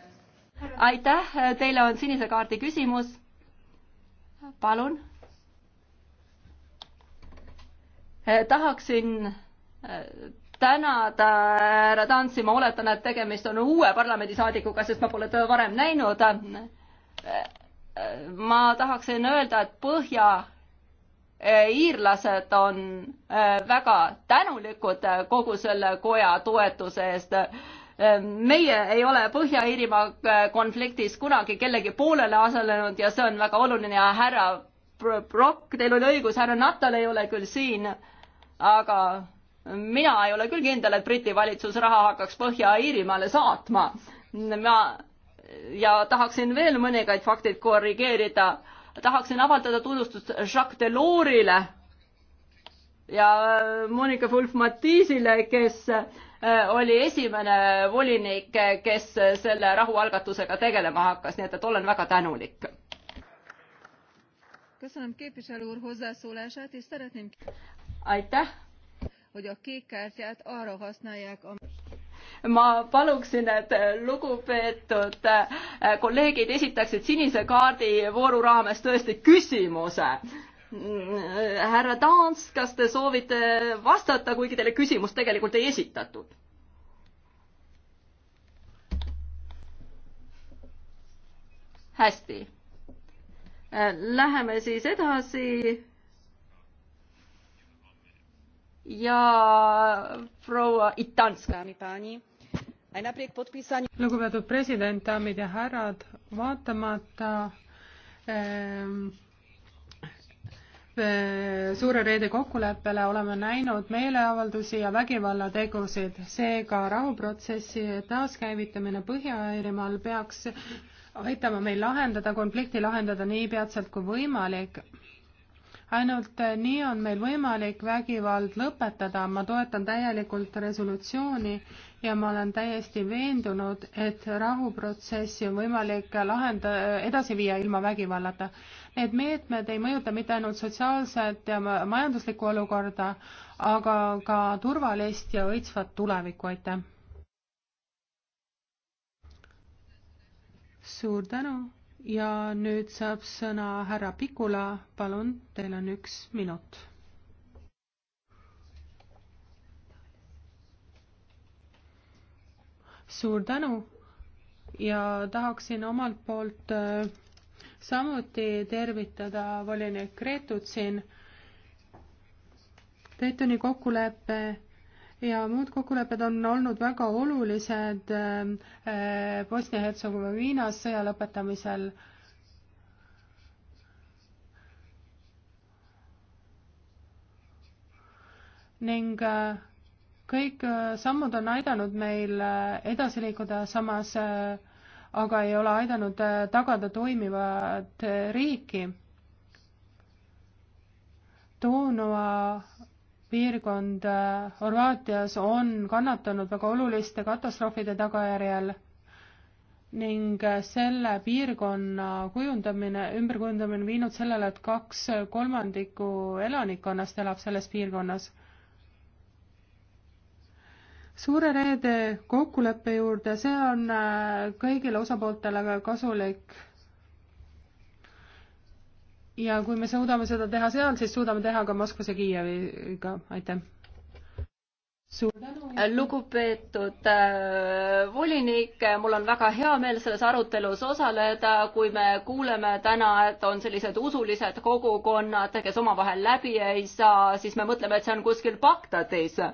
aitäh, teile on sinise kaardi küsimus. palun. tahaksin äh, tänada härra Tantsi, ma oletan, et tegemist on uue parlamendisaadikuga, sest ma pole teda varem näinud. Äh, äh, ma tahaksin öelda, et Põhja Äh, iirlased on äh, väga tänulikud äh, kogu selle koja toetuse eest. meie ei ole Põhja-Iirimaa konfliktis kunagi kellegi poolele asenenud ja see on väga oluline ja härra Brock, teil oli õigus, härra Natal ei ole küll siin, aga mina ei ole küll kindel, et Briti valitsus raha hakkaks Põhja-Iirimaale saatma. ma ja tahaksin veel mõningaid fakteid korrigeerida tahaksin avaldada tunnustust Jacques Delorsile ja äh, Monika Fulf-Matisile, kes äh, oli esimene volinik, kes selle rahualgatusega tegelema hakkas, nii et, et olen väga tänulik köszönöm képviselő úr hozzászólását és szeretném hogy a kék kártyát arra használják amire ma paluksin, et lugupeetud äh, kolleegid esitaksid sinise kaardi vooru raames tõesti küsimuse. Mm, härra Taans, kas te soovite vastata, kuigi teile küsimust tegelikult ei esitatud? hästi. Äh, läheme siis edasi ja proua Itanska lugupeetud president, daamid ja härrad, vaatamata ähm, suure reede kokkuleppele oleme näinud meeleavaldusi ja vägivallategusid, seega rahuprotsessi taaskäivitamine Põhja-Iirimaal peaks aitama meil lahendada, konflikti lahendada nii peatselt kui võimalik. ainult nii on meil võimalik vägivald lõpetada, ma toetan täielikult resolutsiooni ja ma olen täiesti veendunud, et rahuprotsessi on võimalik lahenda, edasi viia ilma vägivallata. Need meetmed ei mõjuta mitte ainult sotsiaalset ja majanduslikku olukorda, aga ka turvalist ja õitsvat tulevikku, aitäh! suur tänu ja nüüd saab sõna härra Pikula, palun, teil on üks minut suur tänu ja tahaksin omalt poolt äh, samuti tervitada volinik Gretut siin. Daytoni kokkulepe ja muud kokkulepped on olnud väga olulised äh, äh, Bosnia-Hertsegoviinas sõja lõpetamisel. ning kõik äh, sammud on aidanud meil äh, edasi liikuda, samas äh, aga ei ole aidanud tagada toimivat riiki. Donua piirkond Horvaatias on kannatanud väga oluliste katastroofide tagajärjel ning selle piirkonna kujundamine, ümberkujundamine viinud sellele, et kaks kolmandikku elanikkonnast elab selles piirkonnas suure reede kokkuleppe juurde, see on äh, kõigile osapooltele kasulik. ja kui me suudame seda teha seal, siis suudame teha ka Moskvas ja Kiieviga, aitäh. suur tänu. Äh, lugupeetud äh, volinik, äh, mul on väga hea meel selles arutelus osaleda, kui me kuuleme täna, et on sellised usulised kogukonnad, kes omavahel läbi ei saa, siis me mõtleme, et see on kuskil Bagdadis äh,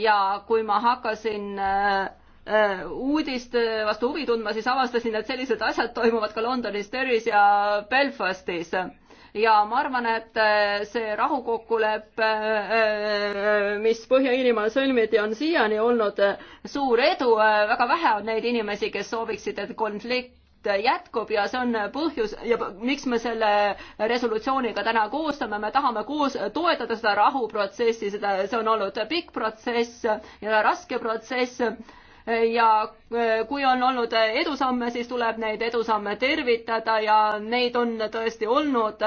ja kui ma hakkasin äh, äh, uudiste äh, vastu huvi tundma, siis avastasin, et sellised asjad toimuvad ka Londonis, Derry's ja Belfastis. ja ma arvan, et see rahukokkulepe, mis Põhja-Iirimaal sõlmiti, on siiani olnud suur edu, väga vähe on neid inimesi, kes sooviksid, et konflikt jätkub ja see on põhjus ja miks me selle resolutsiooniga täna koostame, me tahame koos toetada seda rahuprotsessi, seda, see on olnud pikk protsess ja raske protsess ja kui on olnud edusamme, siis tuleb neid edusamme tervitada ja neid on tõesti olnud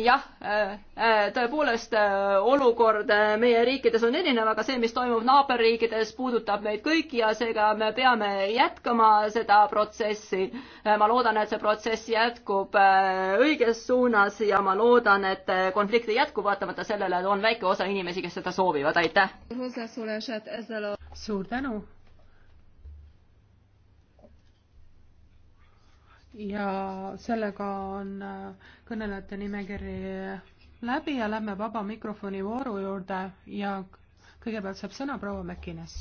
jah, äh, äh, tõepoolest äh, olukord meie riikides on erinev, aga see, mis toimub naaberriikides, puudutab meid kõiki ja seega me peame jätkama seda protsessi. ma loodan, et see protsess jätkub õiges suunas ja ma loodan, et konflikt ei jätku, vaatamata sellele, et on väike osa inimesi, kes seda soovivad, aitäh! suur tänu! ja sellega on äh, kõnelejate nimekiri läbi ja lähme vaba mikrofoni vooru juurde ja kõigepealt saab sõna proua Mäkkines.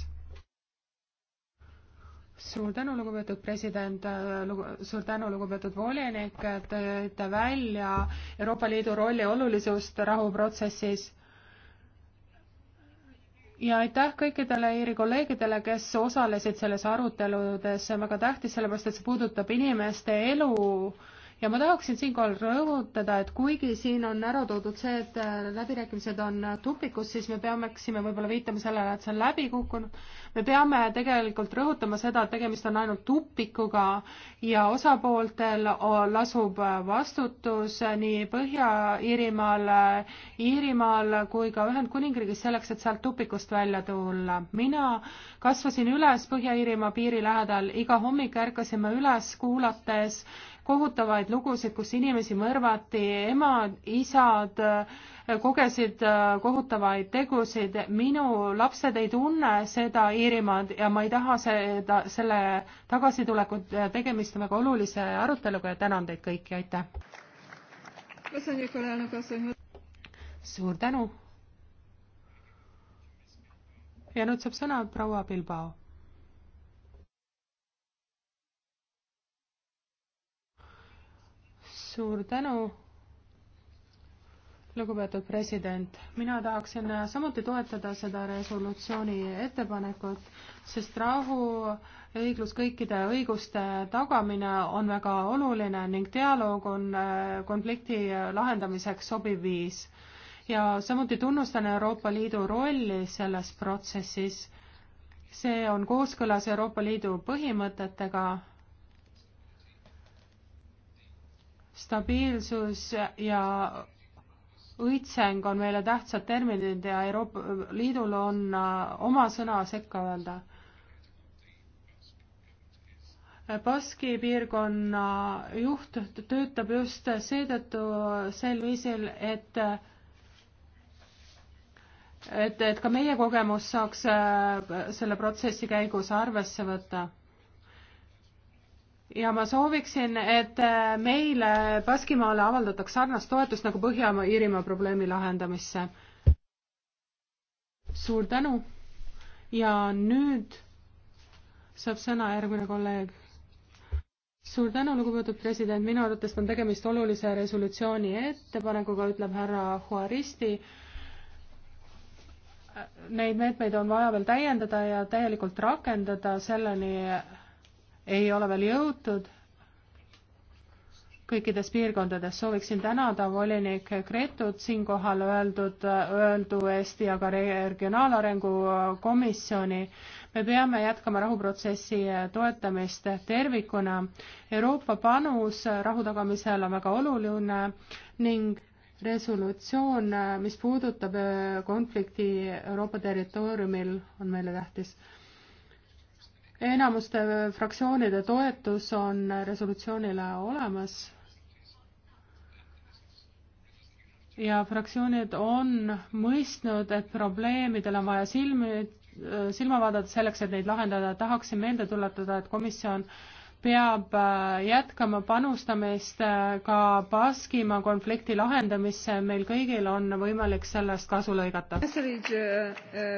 suur tänu, lugupeetud president, äh, suur tänu, lugupeetud volinik, et te tõite välja Euroopa Liidu rolli olulisust rahuprotsessis ja aitäh kõikidele Iiri kolleegidele, kes osalesid selles aruteludes, see on väga tähtis, sellepärast et see puudutab inimeste elu ja ma tahaksin siinkohal rõhutada, et kuigi siin on ära toodud see, et läbirääkimised on tupikus, siis me peaksime võib-olla viitama sellele, et see on läbi kukkunud me peame tegelikult rõhutama seda, et tegemist on ainult tupikuga ja osapooltel lasub vastutus nii Põhja-Iirimaal, Iirimaal kui ka Ühendkuningriigis selleks, et sealt tupikust välja tulla. mina kasvasin üles Põhja-Iirimaa piiri lähedal, iga hommik ärkasime üles, kuulates kohutavaid lugusid, kus inimesi mõrvati, emad, isad kogesid kohutavaid tegusid. minu lapsed ei tunne seda Iirimaad ja ma ei taha seda, selle tagasitulekut, äh, tegemist on väga olulise aruteluga ja tänan teid kõiki, aitäh! suur tänu! ja nüüd saab sõna proua Bilbao. suur tänu! lugupeetud president, mina tahaksin samuti toetada seda resolutsiooni ettepanekut, sest rahu, õiglus kõikide õiguste tagamine on väga oluline ning dialoog on äh, konflikti lahendamiseks sobiv viis. ja samuti tunnustan Euroopa Liidu rolli selles protsessis. see on kooskõlas Euroopa Liidu põhimõtetega stabiilsus ja õitseng on meile tähtsad terminid ja Euroopa Liidul on äh, oma sõna sekka öelda. Baski piirkonna juht töötab just seetõttu sel viisil, et et, et ka meie kogemus saaks äh, selle protsessi käigus arvesse võtta ja ma sooviksin, et äh, meile Baskimaale avaldataks sarnast toetust nagu Põhja-Iirimaa probleemi lahendamisse. suur tänu ja nüüd saab sõna järgmine kolleeg. suur tänu, lugupeetud president, minu arvates on tegemist olulise resolutsiooni ettepanekuga, ütleb härra Juaristi neid meetmeid on vaja veel täiendada ja täielikult rakendada selleni, ei ole veel jõutud kõikides piirkondades. sooviksin tänada volinik Gretut siinkohal öeldud, öeldu eest ja ka Regionaalarengu Komisjoni. me peame jätkama rahuprotsessi toetamist tervikuna. Euroopa panus rahu tagamisel on väga oluline ning resolutsioon, mis puudutab konflikti Euroopa territooriumil, on meile tähtis enamuste fraktsioonide toetus on resolutsioonile olemas ja fraktsioonid on mõistnud, et probleemidel on vaja silmi, silma vaadata selleks, et neid lahendada. tahaksin meelde tuletada, et komisjon peab äh, jätkama panustamist äh, ka Baskimaa konflikti lahendamisse, meil kõigil on võimalik sellest kasu lõigata. Äh,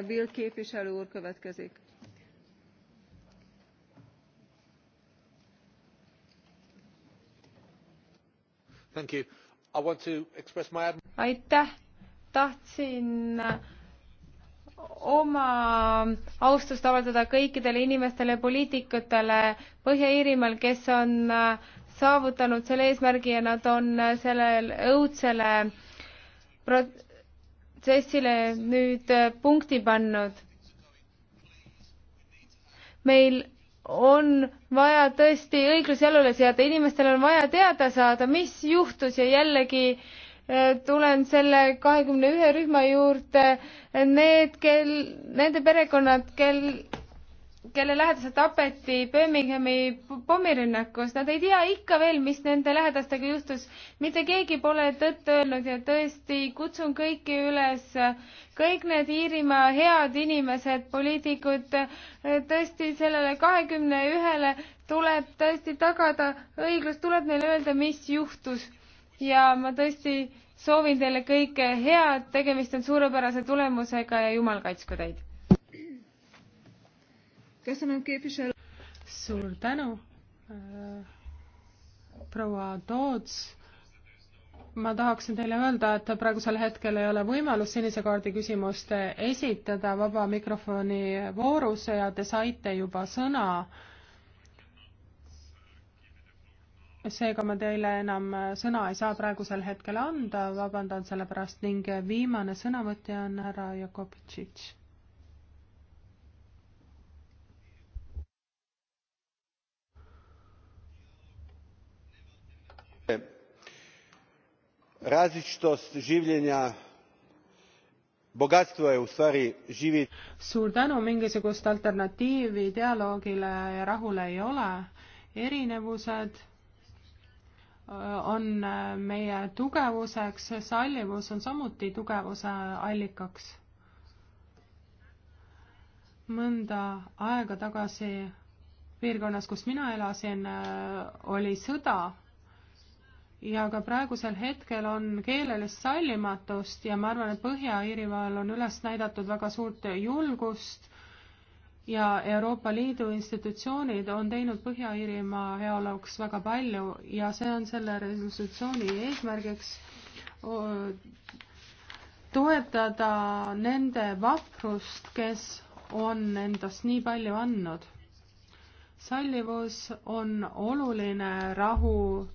aitäh, tahtsin äh, oma austust avaldada kõikidele inimestele ja poliitikutele Põhja-Iirimaal, kes on äh, saavutanud selle eesmärgi ja nad on äh, sellele õudsele protsessile nüüd punkti pannud. meil on vaja tõesti õiglus jalule seada, inimestel on vaja teada saada, mis juhtus ja jällegi eh, tulen selle kahekümne ühe rühma juurde, need, kel, nende perekonnad, kel kelle lähedased tapeti Birminghami pommirünnakus, nad ei tea ikka veel, mis nende lähedastega juhtus. mitte keegi pole tõtt öelnud ja tõesti kutsun kõiki üles, kõik need Iirimaa head inimesed, poliitikud, tõesti sellele kahekümne ühele tuleb tõesti tagada õiglus, tuleb neile öelda, mis juhtus. ja ma tõesti soovin teile kõike head, tegemist on suurepärase tulemusega ja jumal kaitsku teid köszönöm képviselő. suur tänu, proua Toots. ma tahaksin teile öelda, et praegusel hetkel ei ole võimalus sinise kaardi küsimust esitada vaba mikrofoni voorus ja te saite juba sõna. seega ma teile enam sõna ei saa praegusel hetkel anda, vabandan selle pärast ning viimane sõnavõtja on härra Jakobitšitš različitost življenja bogatstvo je ustvari živi. suur tänu mingisugust alternatiivi dialoogile ja rahule ei ole erinevused äh, on äh, meie tugevuseks sallivus on samuti tugevuse allikaks mõnda aega tagasi piirkonnas kus mina elasin äh, oli sõda ja ka praegusel hetkel on keelelist sallimatust ja ma arvan, et Põhja-Iirimaal on üles näidatud väga suurt julgust ja Euroopa Liidu institutsioonid on teinud Põhja-Iirimaa heaoluks väga palju ja see on selle resolutsiooni eesmärgiks toetada nende vaprust, kes on endast nii palju andnud sallivus on oluline rahu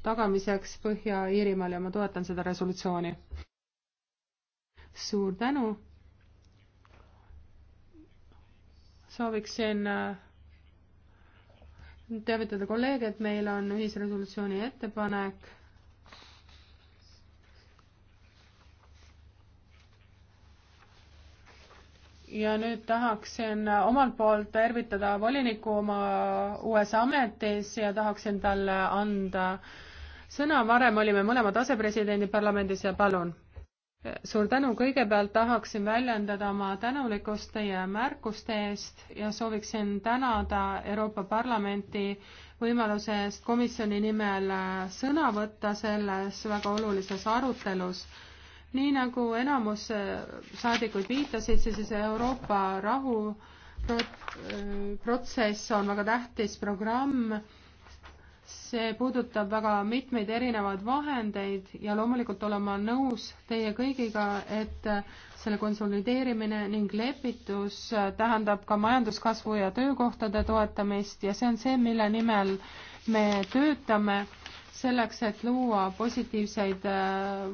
tagamiseks Põhja-Iirimaal ja ma toetan seda resolutsiooni. suur tänu. sooviksin äh, teavitada kolleege, et meil on ühisresolutsiooni ettepanek ja nüüd tahaksin omalt poolt tervitada volinikku oma uues ametis ja tahaksin talle anda sõna, varem olime mõlemad asepresidendid parlamendis ja palun. suur tänu, kõigepealt tahaksin väljendada oma tänulikkust teie märkuste eest ja sooviksin tänada Euroopa Parlamenti võimaluse eest komisjoni nimel sõna võtta selles väga olulises arutelus nii nagu enamus äh, saadikuid viitasid, siis Euroopa rahuprotsess äh, on väga tähtis programm. see puudutab väga mitmeid erinevaid vahendeid ja loomulikult olen ma nõus teie kõigiga, et äh, selle konsolideerimine ning lepitus tähendab ka majanduskasvu ja töökohtade toetamist ja see on see, mille nimel me töötame selleks, et luua positiivseid äh,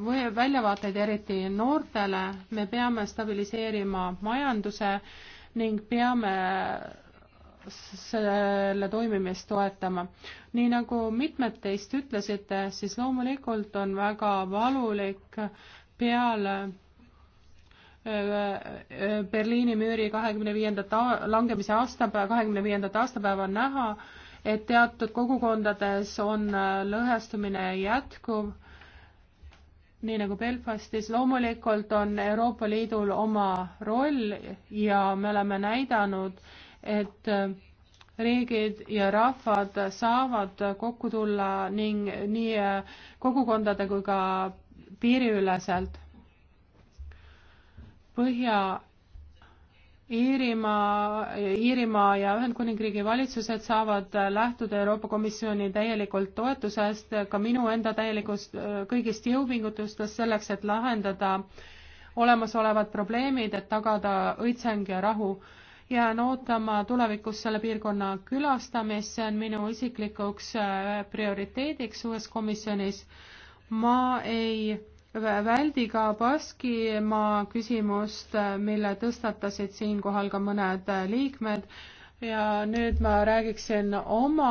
või väljavaateid, eriti noortele, me peame stabiliseerima majanduse ning peame äh, selle toimimist toetama. nii nagu mitmed teist ütlesite, siis loomulikult on väga valulik peale äh, Berliini müüri kahekümne viiendat langemise aastapäeva, kahekümne viiendat aastapäeva näha, et teatud kogukondades on äh, lõhestumine jätkuv, nii nagu Belfastis. loomulikult on Euroopa Liidul oma roll ja me oleme näidanud, et äh, riigid ja rahvad saavad kokku tulla ning nii äh, kogukondade kui ka piiriüleselt. Põhja Iirimaa, Iirimaa ja Ühendkuningriigi valitsused saavad lähtuda Euroopa Komisjoni täielikult toetusest, ka minu enda täielikust, kõigist jõupingutustest selleks, et lahendada olemasolevad probleemid, et tagada õitseng ja rahu. jään ootama tulevikus selle piirkonna külastamist, see on minu isiklikuks äh, prioriteediks uues komisjonis. ma ei väldi ka Baskimaa küsimust, mille tõstatasid siinkohal ka mõned liikmed ja nüüd ma räägiksin oma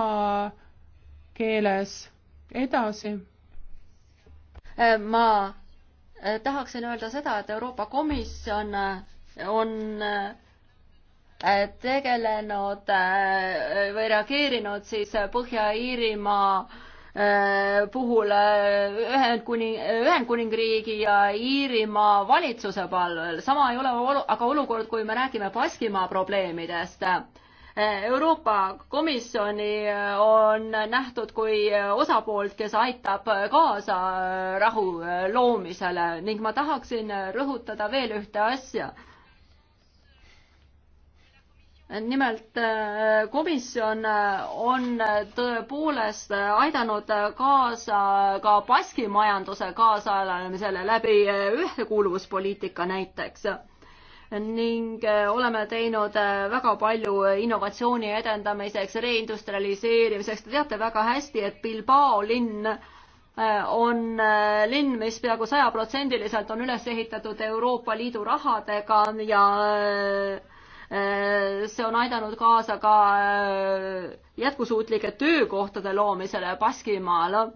keeles edasi. ma äh, tahaksin öelda seda, et Euroopa Komisjon äh, on äh, tegelenud või reageerinud siis Põhja-Iirimaa Äh, puhul äh, Ühendkuning, Ühendkuningriigi ja Iirimaa valitsuse palvel. sama ei ole olu, aga olukord, kui me räägime Baskimaa probleemidest. Äh, Euroopa Komisjoni on nähtud kui osapoolt, kes aitab kaasa rahu loomisele ning ma tahaksin rõhutada veel ühte asja nimelt äh, komisjon äh, on äh, tõepoolest aidanud kaasa ka baskimajanduse kaasajalemisele läbi ühtekuuluvuspoliitika näiteks ning oleme teinud väga palju innovatsiooni edendamiseks, reindustrialiseerimiseks. Te teate väga hästi, et Bilbao linn on linn, mis peaaegu sajaprotsendiliselt on üles ehitatud Euroopa Liidu rahadega ja Äh, see on aidanud kaasa ka äh, jätkusuutlike töökohtade loomisele Baskimaal äh,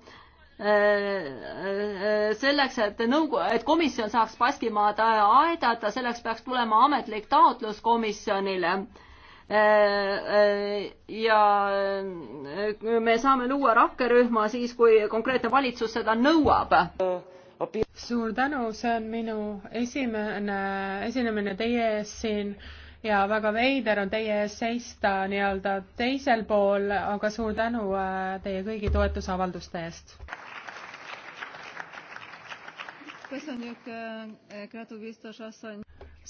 selleks, et nõukogu, et komisjon saaks Baskimaad aidata, selleks peaks tulema ametlik taotlus komisjonile. ja me saame luua rakkerühma siis, kui konkreetne valitsus seda nõuab. suur tänu, see on minu esimene esinemine teie ees siin ja väga veider on teie ees seista nii-öelda teisel pool, aga suur tänu äh, teie kõigi toetusavalduste eest. Äh,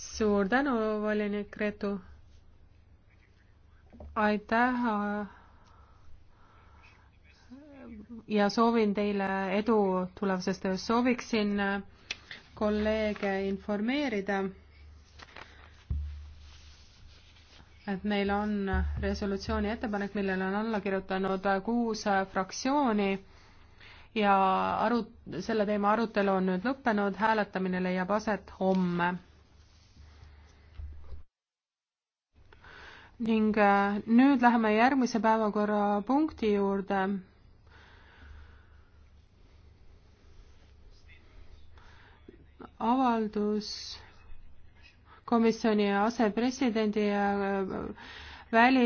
suur tänu, volinik Gretu. aitäh. Äh, ja soovin teile edu tulevases töös, sooviksin kolleege informeerida et meil on resolutsiooni ettepanek, millele on alla kirjutanud kuus fraktsiooni ja aru, selle teema arutelu on nüüd lõppenud, hääletamine leiab aset homme. ning äh, nüüd läheme järgmise päevakorrapunkti juurde avaldus komisjoni asepresidendi ja äh, väli-